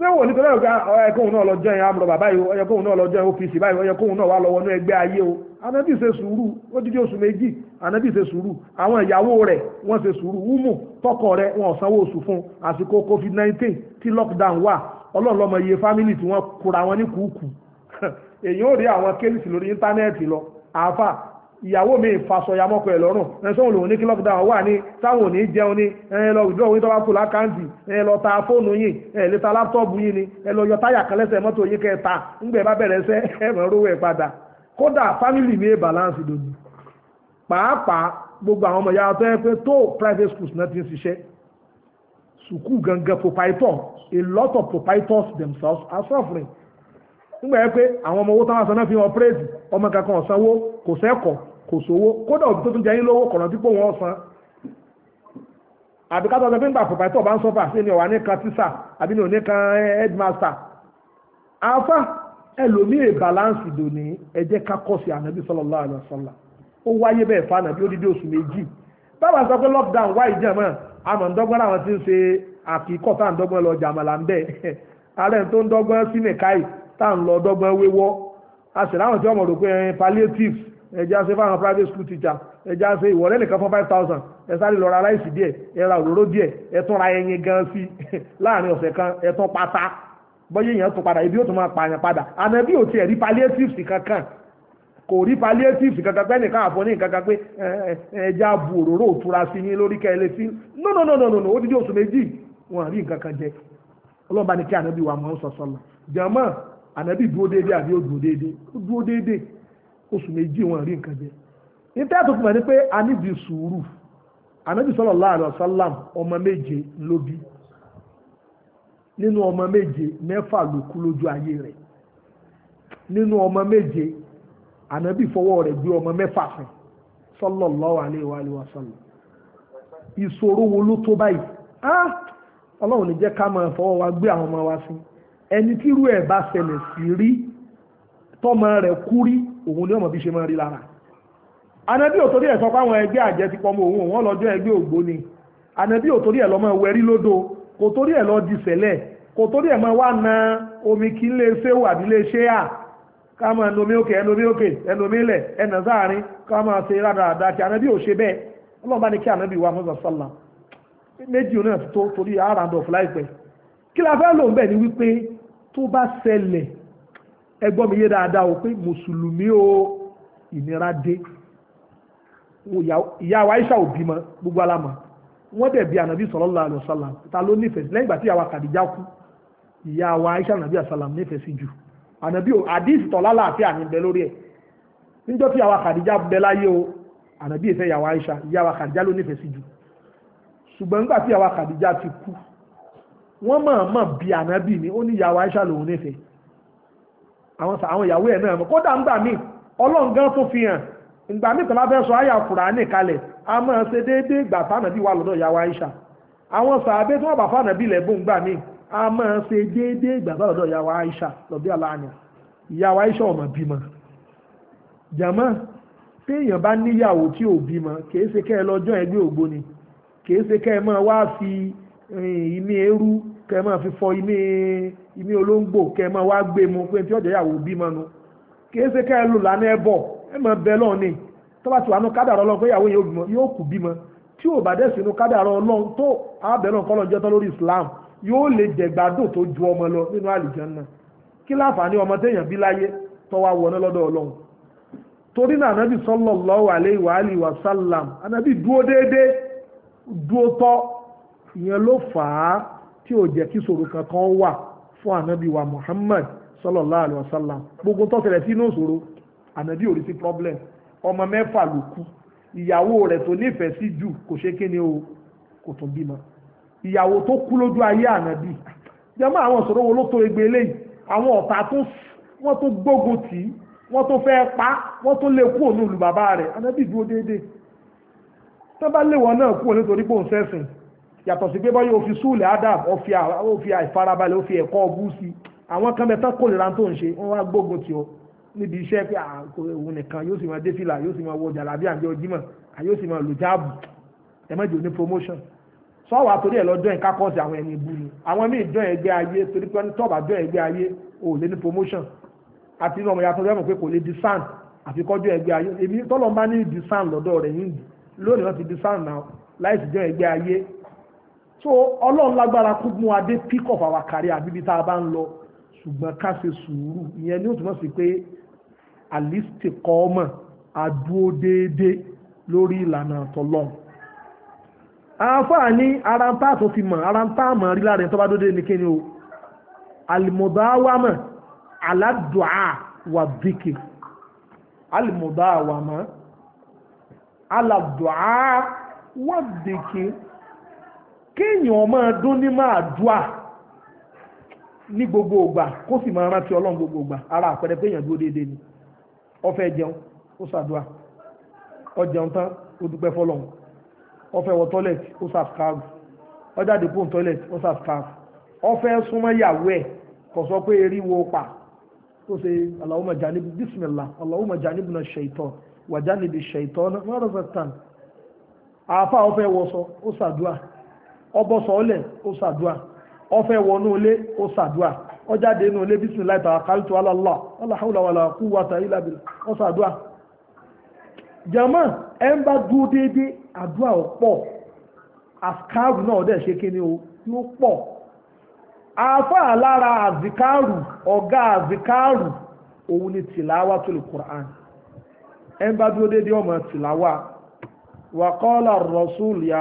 ṣé wò ní tọ́lá ọ̀gá ẹ̀kọ́hùn náà lọ jẹun àmúrọ̀ bàbá yìí ẹ̀kọ́hùn náà lọ jẹun ọ́fíìsì báyìí ẹ̀kọ́hùn náà wà lọ́wọ́ ní ẹgbẹ́ ayé o anabi ṣe sùúrù ó dídí oṣù méjì anabi ṣe sùúrù àwọn ìyàwó rẹ̀ wọ́n ṣe sùúrù wúmù tọkọ rẹ̀ wọn ò oṣù fún àsìkò covid nineteen tí lockdown wà ọlọ́run lọ́mọ iye fámìlì tí wọ́n kura wọn ní kùkù èèyàn ò rí àwọn kéèsì lórí íńtánẹ́ẹ̀tì lọ àáfà ìyàwó mi ìfàsọ ìyàmọ́kọ̀ ẹ̀ lọ́rùn ẹ̀sọ́ òun lòun ní kí lockdown wà ní táwọn òní jẹun ní ẹ lọ withdraw owó tó bá kù lákàǹtì ẹ lọ ta fóònù yìí ẹ lè ta láptọ́ọ̀bù yìí ni ẹ lọ yọ táyà kan lẹ́sẹ̀ mọ́tò yìí kẹta ńgbẹ́ bá bẹ̀rẹ̀ ṣẹ́ ẹ rówó ẹ̀ padà kódà family mi balance lòdì pàápàá gbogbo àwọn ọmọ ìyá tó yẹ pé tó private schools náà ti ń ṣiṣẹ́ sùkúù gangan proprietor a lot of proprietors themselves are suffering nígbà yẹn pé àwọn ọmọ owó táwọn sanwó fi hàn praise ọmọ kankan ọ̀sánwó kò sẹ́kọ̀ọ́ kò sówó kódà òbí tó tún jẹyìn lówó kọ̀nà dípò wọn san àbí kátó ọ̀sẹ̀ pé ń gbà fòpá tó bá ń sọ́fà sí ni ọ̀wà ní kan tíṣà àbí ní òní kan eh, headmaster afa ẹlòmíì balance dòní ẹ jẹ́ ká kọ́ sí ànábì sallallahu alaihi wasallam ó wáyé bẹ́ẹ̀ fa ànábì ó dídí oṣù méjì báwa sọ pé lockdown wáyé jẹ́ mọ́ àmọ̀ ǹdọ́gbọ́n làwọn ti ń ṣe àkíkọ́ tá à ń dọ́gbọ́n lọ jàmàlà ń bẹ̀ ààrẹ tó ń dọ́gbọ́n sí nìkáì tá à ń lọ dọ́gbọ́n wéwọ́ a sì láwọn tí wọ́n mọ̀ rò pé eh, palliatives ẹja ṣe fáwọn private school teacher ẹja ṣe ìwọlé nìkan fún five thousand ẹ sáré lọ ra láìsí díẹ̀ ẹ ra òróró díẹ̀ ẹ tún ra ẹyin gan sí láàrin ọ̀sẹ̀ kan ẹ tún pátá bọ́yé èèyàn tún padà ibi ó tún máa pààyàn padà àná bí ò tiẹ̀ rí palliatives kankan kò rí palliatives kankan pé nìkan àfọ ní kankan pé ẹja bu òróró òtura sí yín lórí kẹ́lẹ́ sí no no no no no ó dídí oṣù méjì wọn rí nǹkan kan jẹ ọlọ́ba ni kí ànábì wà mọ́ sọ̀sọ̀ lọ jẹ̀mọ́ ànábì dúró déédéé àbí oṣù méjì wọn rí nǹkan jẹ ní tẹ́ẹ̀tù fún mi pé a níbi sùúrù ànábì sallallahu alaihi wasallam ọmọ méje ló bí nínú ọmọ méje mẹ́fà ló kú lójú ayé rẹ̀ nínú ọmọ méje ànábì fọwọ́ rẹ̀ gbé ọmọ mẹ́fà fún sallallahu alaihi wa alihi wasallam ìṣòro wo ló tó báyìí ah ọlọ́run ní jẹ́ ká máa fọwọ́ wa gbé àwọn ọmọ wa sí ẹni tí irú ẹ̀ bá ṣẹlẹ̀ sí rí tọ́mọ rẹ̀ kú rí òun ni ọmọ bí ṣe máa rí lára anabi ò torí ẹ̀ sọ fáwọn ẹgbẹ́ àjẹsípọmọ òun òun ọlọ́jọ́ ẹgbẹ́ ògbóni anabi ò torí ẹ̀ lọ́mọ ẹwẹ́rí lódò kò torí ẹ̀ lọ di sẹ̀lẹ̀ kò torí ẹ̀ máa wá na omi kí n lè ṣe wà ṣé à ká máa nomi òkè ẹnomi òkè ẹnomi lẹ̀ ẹnà sáàrin ká máa ṣe rádaràda kí anabi ò ṣe bẹ́ẹ̀ ọlọ́run kí anabi wa mọ́sán ni wípé tó bá ẹgbọ́n mi yé dáadáa o pé mùsùlùmí o ìnira dé ìyá wa Aisha ò bímọ gbogbo alámọ wọ́n dẹ̀ bí ànàbí sallallahu alaihi wasallam ta ló nífẹ̀ẹ́ lẹ́yìn ìgbà tí ìyá wa Kàdíjà kú ìyá wa Aisha ànàbí àsálàm nífẹ̀ẹ́ sí jù ànàbí o àdíìsì tọ́lá láàfin àmì bẹ lórí ẹ̀ níjọ́ tí ìyá wa Kàdíjà bẹ láyé o ànàbí ìfẹ́ ìyá wa Aisha ìyá wa Kàdíjà ló nífẹ̀ẹ́ sí jù ṣùgbọ́n nígbà tí ìyá wa Kàdíjà ti kú wọ́n mọ̀ọ́mọ̀ bí ànàbí ni ó ní ìyá wa Aisha lòun nífẹ̀ẹ́ àwọn àwọn ìyàwó ẹ̀ náà kódà ń gbà míì ọlọ́run gan tó fi hàn ìgbà míì kan bá fẹ́ sọ àyà Kùránì kalẹ̀ a máa ṣe déédéé ìgbà fànàbí wà lọ́dọ̀ ìyàwó Aisha àwọn sàábé tí wọ́n bá fànàbí lẹ́bùn gbà míì a máa ṣe déédéé ìgbà bá lọ́dọ̀ ìyàwó Aisha lọ́bí aláàánú ìyàwó Aisha ọmọ bímọ jàmọ́ téèyàn bá níyàwó tí ò bímọ kìí ṣe kẹ́ ẹ lọ́jọ́ ẹgbẹ́ ògbóni kìí ṣe kẹ́ ẹ máa wá fi eh, ìmí eérú kẹ́ ẹ máa fi fọ ìmí ìmí olóńgbò kẹ́ ẹ máa wá gbé mu pé tí ọ̀jẹ̀ ìyàwó bímọ nu kìí ṣe ká ẹ lò lánàá ẹ bọ̀ ẹ máa bẹ lọ́ọ̀ ni tó bá ti wà nù kádàrọ̀ ọlọ́run pé ìyàwó yóò kù bímọ tí ò bá dẹ̀ sínú kádàrọ̀ ọlọ́run tó àbẹ̀ náà kọ́ lọ́njọ́ tán lórí Islam yóò lè jẹ̀gbádùn tó ju ọmọ lọ nínú àlìjánná kí láǹfààní ọmọ téèyàn bí láyé tó wá wọná lọ́dọ̀ ọlọ́run torí sallallahu alaihi wa alihi wa sallam anábì dúó déédéé dúó tọ́ ìyẹn fún ànábì wa Muhammad sallallahu alayhi wa sallam gbogbo tó ṣẹlẹ̀ sínú ìṣòro ànábì ò rí sí problem ọmọ mẹ́fà ló kú ìyàwó rẹ̀ tó nífẹ̀ẹ́ sí jù kò ṣe kí ni o kò tún bímọ ìyàwó tó kú lójú ayé ànábì jẹ́mọ́ àwọn ìṣòro wo ló tó egbe eléyìí àwọn ọ̀tá tó wọ́n tó gbógun tì í wọ́n tó fẹ́ pa wọ́n tó lé e kúrò ní olùbàbá rẹ̀ ànábì dúró déédéé tó bá léwọ́ náà kúrò nítorí pé òun sẹ́sìn yàtọ̀ sí pé bọ́ yóò fi súùlẹ̀ adam ó fi àìfarabalẹ̀ ó fi ẹ̀kọ́ ọbú sí àwọn kan mẹ́ta kòlera tó ń ṣe wọ́n wá gbógun tì ọ́ níbi iṣẹ́ pé òun nìkan yóò sì máa dé fìlà yóò sì máa wọ jàlábí àbí ọjímọ̀ yóò sì máa lò jáàbù ẹ̀mẹ́jọ ní promotion sọ́wọ́ àtòrí ẹ̀ lọ́jọ́ ìka kọ́ọ̀sì àwọn ẹni ibú ni àwọn míì jọ ẹgbẹ́ ayé torí pé tọ́ọ̀bà jọ ẹgbẹ́ ayé ò lé ní promotion àti inú ọmọ yàtọ̀ lẹ́mọ̀ pé kò lè discern àfikọ́jọ́ ẹgbẹ́ ayé èmi tọ́lọ́ bá ní discern lọ́dọ̀ rẹ̀ yìí lónìí wọ́n ti discern náà láìsí jọ ẹgbẹ́ ayé so ọlọ́run lágbára kó mú adé pick up our career níbi tá a bá ń lọ ṣùgbọ́n ká ṣe sùúrù ìyẹn ni ó túmọ̀ sí pé àlìsí kọ́ ọmọ adúró déédéé lórí ìlànà àtọ̀lọ́run àǹfààní ara ń tààtò fi mọ̀ ara ń tààmọ̀ rí láàrin tó bá dóde ní kíni o alìmọ̀dáwàmọ̀ aládùá wà bíkì alìmọ̀dáwàmọ̀ aládùá wà bíkì kéèyàn máa dún ní máa dúà ní gbogbo ògbà kó sì máa rántí ọlọ́run gbogbo ògbà ara àpẹẹrẹ pé èèyàn dúró déédéé ni ó fẹ́ jẹun ó ṣàdúà ó jẹun tán ó dúpẹ́ fọlọ́run ó fẹ́ wọ tọ́lẹ̀tì ó ṣàfikàrù ó jáde kó tọ́lẹ̀tì ó ṣàfikàrù ó fẹ́ súnmọ́ ìyàwó ẹ̀ kò sọ pé erí wo pa tó ṣe Allahumma janibu bismillah Allahumma janibna shaitan wà janibi shaitan náà mọ́rọ̀ sẹ́tàn àáfà ó fẹ́ wọ sọ ó ṣàdúà ọbọ̀ sọ́ọ́lẹ̀ ó sàdúà ọfẹ́ wọnú ilé ó sàdúà ọjáde inú ilé bísí láì tàwà kálítù alálà aláhùlàwàlà kú wata ìlàbìlà ó sàdúà jama ẹ ń bá dúó déédéé àdúà ó pọ̀ àsìkáàrù náà dẹ̀ ṣe kí ni o yóò pọ̀ àáfàá lára àzìkáàrù ọ̀gá àzìkáàrù òun ni tìláwà tó lè kùrán ẹ ń bá dúó déédéé ọmọ tìláwà wàkọ́lá rọ̀ṣúl yà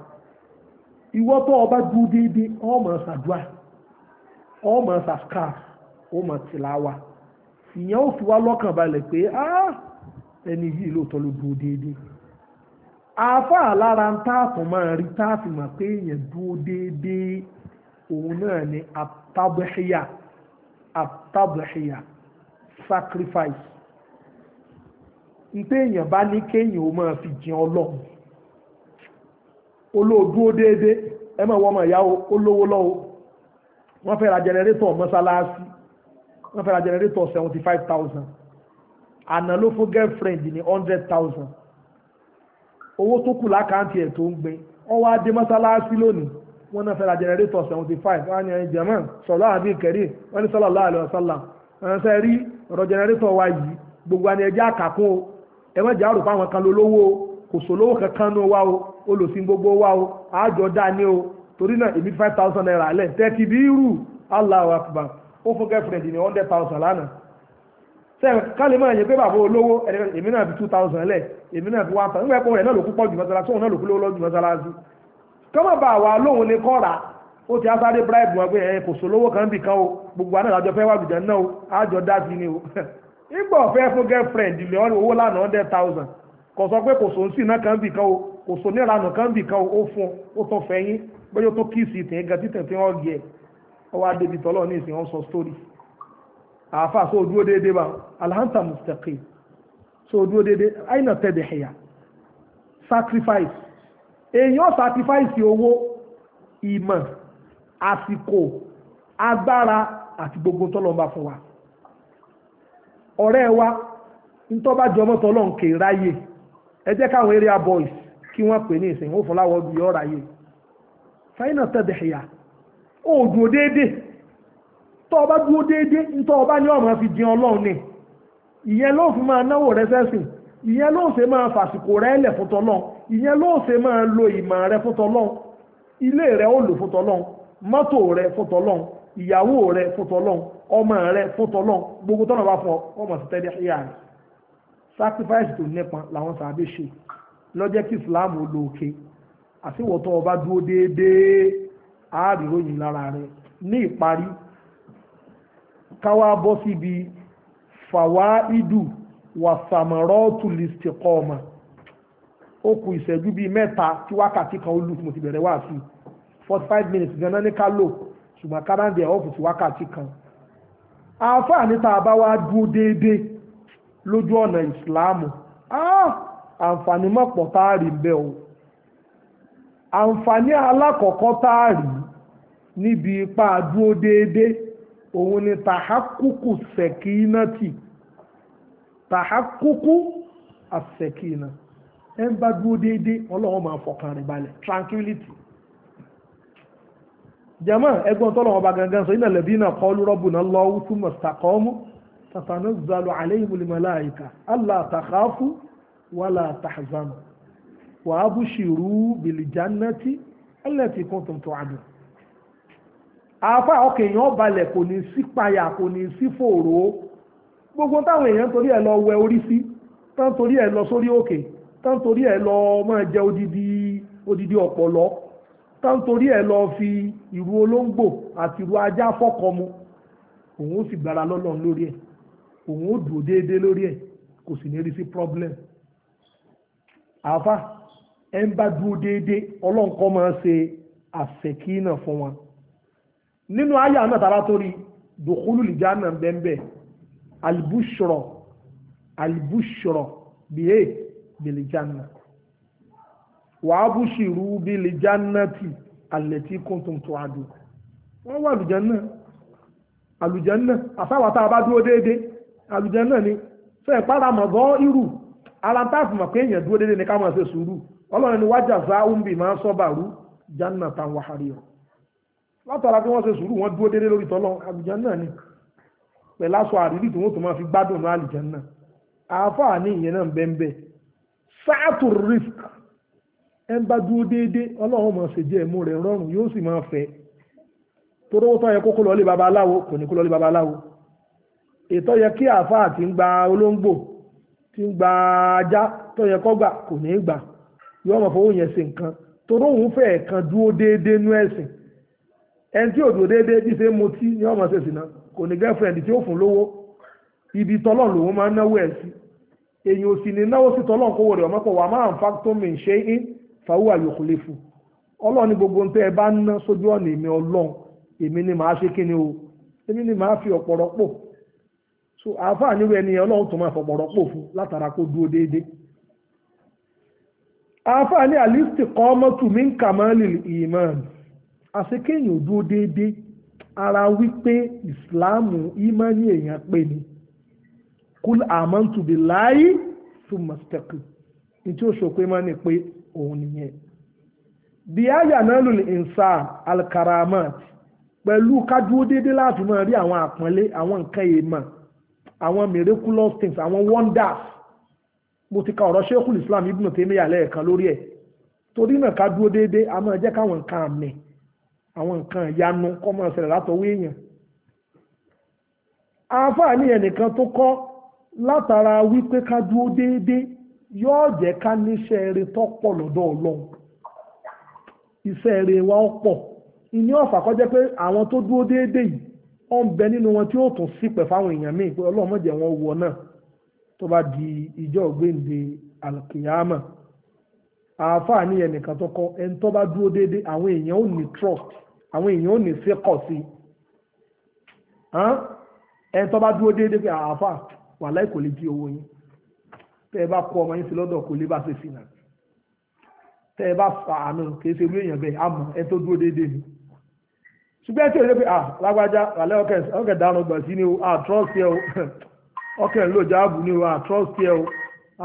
ìwọ tó ọba dúró déédéé ọmọ ṣàdúrà ọmọ ṣàkà ọmọ tìláwà ìyẹn ó fi wá lọ́kàn balẹ̀ pé ẹni yìí lóòótọ́ ló dúró déédéé àáfàá lára ń táàtún máa rí táàfin mà pé èèyàn dúró déédéé òun náà ni àtàbẹ̀ṣíyà àtàbẹ̀ṣíyà sacrifice ìpé èèyàn bá ní kéèyàn ó máa fi jìn ọlọ́run olóòdúró déédéé ẹ mọ̀ wọ́n mọ̀ ìyáwó olówó lọ́wọ́ wọ́n fẹ́ ra jẹnẹrétọ̀ mọ́sálásí wọ́n fẹ́ ra jẹnẹrétọ̀ àná ló fún ní owó tó kù lákàntì ẹ̀ tó ń gbé wọ́n wá dé mọ́sálásí lónìí wọ́n náà fẹ́ ra jẹnẹrétọ̀ seventy wọ́n ní ẹ̀yìn sọ̀rọ̀ àbí kẹrí wọ́n ní sọ́lá olùsìn gbogbo wa o àjọ ní o torí náà èmi five thousand naira lẹ̀ tẹ́tí bí irú Allahu akbar ó fún ní hundred thousand lánàá sẹ́yìn kálí máa pé bàbá olówó èmi náà fi two thousand lẹ̀ èmi náà one thousand nígbà náà ló kú pọ̀ jù mọ́sálásí òun náà ló kú lówó kọ́mọ̀ bá wa lóhun ni kọ́ra gbogbo àná àjọ fẹ́ wà bìjà náà o àjọ o fún owó lánàá hundred thousand kò so ní ìranù kan bì kan ó fún ó tó fẹ́ yín bóyá ó tó kíìsì tẹ̀ ga títẹ̀ tí wọ́n gé ẹ̀ ọ wá tọ́lọ́ ní ìsìn wọn sọ story àáfà so dúró déédéé bá alhanta mustaqim so dúró déédéé aina tẹ̀dẹ̀ ẹ̀yà sacrifice èèyàn sacrifice owó ìmọ̀ àsìkò agbára àti gbogbo tọ́lọ́ bá fún wa ọ̀rẹ́ wa ntọ́bàjọ́mọ́tọ́lọ́ ń kè ráyè ẹ jẹ́ káwọn area boys kí wọ́n pè ní ìsìn ó fọláwọ́ bí yọ́ ráyè fáínà tẹ́bẹ̀ ẹ̀yà ó dúó déédé tọ́ ọba dúó déédé nítọ́ ọba ní ọmọ fi jẹun ọlọ́run ní ìyẹn ló fi máa náwó rẹ sẹ́sìn ìyẹn ló ṣe máa fàsìkò rẹ lẹ̀ fún tọ́lọ́ ìyẹn ló ṣe máa lo ìmọ̀ rẹ fún tọ́lọ́ ilé rẹ ó lò fún tọ́lọ́ mọ́tò rẹ fún tọ́lọ́ ìyàwó rẹ fún tọ́lọ́ ọmọ rẹ fún tọ́lọ́ gbogbo tọ́lọ́ bá fún ọmọ sí tẹ́lẹ̀ ẹ̀yà sacrifice tó nípa làwọn sàbẹ̀ ṣe lọ́jẹ́ kí islam lò òkè àsìwọ̀tọ́ ọba dúró déédéé àáríròyìn lára rẹ̀ ní ìparí káwá bọ́ síbi fàwáìdù wàsàmọ̀rọ́ọ̀tù listikọ́ọ̀mà ó kù ìṣẹ́jú bíi mẹ́ta tí wákàtí kan ó lù tí ti bẹ̀rẹ̀ wá sí forty five minutes gan-an ní ká lò ṣùgbọ́n káráǹdì ọ̀fù sí wákàtí kan àáfàá níta bá wá dúró déédéé lójú ọ̀nà ìsìláàmù ah àǹfààní mọ̀pọ̀ táàrí bẹ́ o àǹfààní alákọ̀ọ́kọ́ táàrí níbi ipa dúró déédé òun ni tàhákùkù sẹ̀kínátì tàhákùkù àsẹ̀kínà ẹ ń bá dúró déédé ọlọ́run máa fọkàn rẹ̀ balẹ̀ tranquility jama ẹgbọ́n tọ́lọ́wọ́ bá gangan sọ innal ladhina qalu rabbuna Allahu thumma istaqamu tatanazzalu alayhimul malaika alla takhafu wala tahzanu wa abushiru bil jannati allati kuntum tu'adun afa ọkàn èèyàn balẹ̀ kò ní sí payà kò ní sí fòòró gbogbo táwọn èèyàn torí ẹ̀ lọ wẹ orí sí tán torí ẹ̀ lọ sórí òkè tán torí ẹ̀ lọ máa jẹ odidi odidi ọ̀pọ̀lọ́ tán torí ẹ̀ lọ fi ìrù olóńgbò àti ìrù ajá fọ́kọ mu òun ó sì gbára lọ́lọ́run lórí ẹ̀ òun ó dùn déédéé lórí ẹ̀ kò sì ní rí sí problem àáfà ẹ ń bá dúró déédéé ọlọ́run kọ́ máa ṣe àṣekínà fún wọn nínú àyà náà tàbá tó rí dùkúlù lìjánà bẹ́ẹ̀ albushọ̀rọ̀ albushọ̀rọ̀ bíyè bìlìjánà wàá búṣìrú bìlìjánà tì àlẹ́tí kúntùm tó adùn wọ́n wà lùjánà àlùjánà àsáwàtà bá dúró déédéé àlùjánà ni fẹ́ẹ̀ pàràmọ̀ gan irú ara tá a fi mọ̀ pé èèyàn dúró déédéé ni ká máa ṣe sùúrù ni wájà sá umbi máa ń sọ́bà rú jánà tá wà á rí ọ látara bí wọ́n ṣe sùúrù wọ́n dúró déédéé lórí tọ́lọ́ àlùjánà ni pẹ̀lú aṣọ àrírí tí wọ́n tó máa fi gbádùn ní àlùjánà àáfàá ní ìyẹn náà bẹ́ẹ̀ sáàtù risk ẹ ń bá dúró déédéé ọlọ́run máa ṣe jẹ́ ẹ̀mú rẹ̀ rọrùn yóò sì máa fẹ́ toró yẹ kókó lọ babaláwo kò ní kó lọ babaláwo ètò yẹ kí àáfàá ti ń gba olóńgbò tí ń gba ajá tó yẹ kó gbà kò ní gbà yóò mọ̀ fowó yẹn ṣe nǹkan torí òun fẹ́ kan dúró déédéé nú ẹ̀sìn ẹni tí ò dúró déédéé bí ṣe mu tí yóò mọ̀ ṣe sì kò ní girlfriend tí ó fún lówó ibi tọ́lọ̀ lòun máa ń náwó ẹ̀ sí èyí ò sì ní náwó sí tọ́lọ̀ kówó rẹ̀ ọmọkọ̀ wà máa ń fàtó mi ṣe é fàwọ́ àyòkù lè fún ọlọ́run gbogbo tẹ́ ẹ bá ń ná sójú ọ̀nà èmi ọlọ́run èmi ni màá ṣe kíni o èmi ni màá fi ọ̀pọ̀rọ̀pọ̀ so àáfàá nírú ẹni ọlọ́run tó máa fọ̀pọ̀ rọ́pò fún látara kó dúró déédéé àáfàá ní àlìsì kọ́ mọ́tò mi ń kà máa lè ìmán àṣẹ kéèyàn ara wípé ìsìláàmù ìmánì èèyàn pé ni kúl àmọ́ntù bí láyé fún mọ́sítẹ́kù ní tí ó ṣòpé alkaramat pẹ̀lú ká dúró déédéé láti máa rí àwọn àpọ́nlé àwọn miraculous things àwọn wonders mo ti ka ọ̀rọ̀ sheikhul islam ibn taymiya lẹ́ẹ̀kan lórí ẹ̀ torí náà ká dúró déédéé a máa jẹ́ káwọn nǹkan àmì àwọn nǹkan ìyanu kọ́ máa ṣẹlẹ̀ látọwọ́ èèyàn àǹfààní ẹnìkan tó kọ́ látara wípé ká dúró déédéé yóò jẹ́ ká níṣẹ́ eré tó pọ̀ lọ́dọ̀ ọlọ́run iṣẹ́ eré wa ó pọ̀ ìní ọ̀fà kọjá pé àwọn tó dúró déédéé yìí ó ń bẹ nínú wọn tí ó tún sípẹ̀ fáwọn èèyàn míì pé ọlọ́run má wọn wọ náà tó bá di ìjọ gbéǹde alkiyama àáfàá ní ẹnìkan tó kọ ẹni tó bá dúró déédé àwọn èèyàn ò ní trust àwọn èèyàn ò ní fẹ́kọ̀ sí ẹni tó bá dúró déédé pé àáfàá wàláì kò lè jí owó yín tẹ́ ẹ bá kọ ọmọ yín sí lọ́dọ̀ kò lè bá ṣe sí náà ẹ bá fa àánú kì í ṣe irú èèyàn bẹ́ẹ̀ àmọ́ ẹ tó dúró déédé ni ṣùgbọ́n tí o ṣe pé ah lágbájá alẹ́ ọkẹ ọkẹ dànù gbọ̀n sí ni o ah trust yẹ o ọkẹ ńlò jáàbù ni o ah trust yẹ o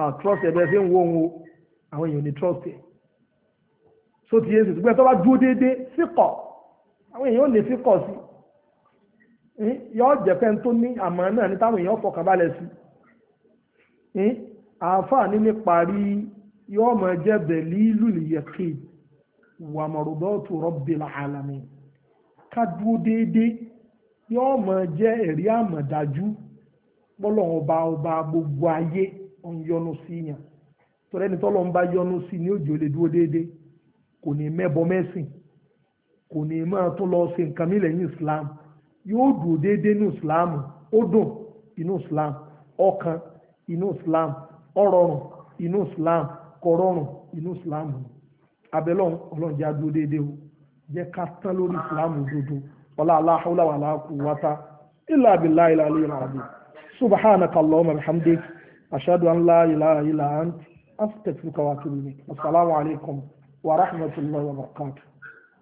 ah trust yẹ bẹ́ẹ̀ ṣe ń wo òun o àwọn èèyàn ní trust yẹ so ti yé sè ṣùgbọ́n tó bá dúró déédéé síkọ̀ àwọn èèyàn ò lè síkọ̀ sí yọ jẹ́ pé tó ní àmọ́ náà ní táwọn èèyàn fọkàn balẹ̀ sí àǹfààní ní parí yọ ọmọ jẹ́ bẹ̀lí lùlìyẹ̀kì wàmọ̀rùbọ́ọ̀tù rabbil alamin ká dúró déédéé yóò mọ̀ jẹ́ ẹ̀rí àmọ̀dájú bọ́lọ̀ ọba ọba gbogbo ayé ń yọ́nú sí yàn tọ́lẹ́ ní tọ́lọ́ ń bá yọ́nú sí ní òjò lè dúró déédéé kò ní mẹ́bọ mẹ́sìn kò ní máa tún lọ ṣe nǹkan mílẹ̀ ní Islam yóò dúró déédéé ní Islam ó dùn inú Islam ọkàn inú Islam ọrọrùn inú Islam kọrọrùn inú Islam abẹ́lọ́run ọlọ́run jẹ́ àdúró déédéé o jẹ́ ká tán lórí ìsìláàmù dúdú wàlá aláhùlá wà láàkú wáta ilà abilà ilà alẹ́ ìlà àbí subhanaka allahumma bihamdik ashhadu an la ilaha illa ant astaghfiruka wa atubu ilayk assalamu wa rahmatullahi wa barakatuh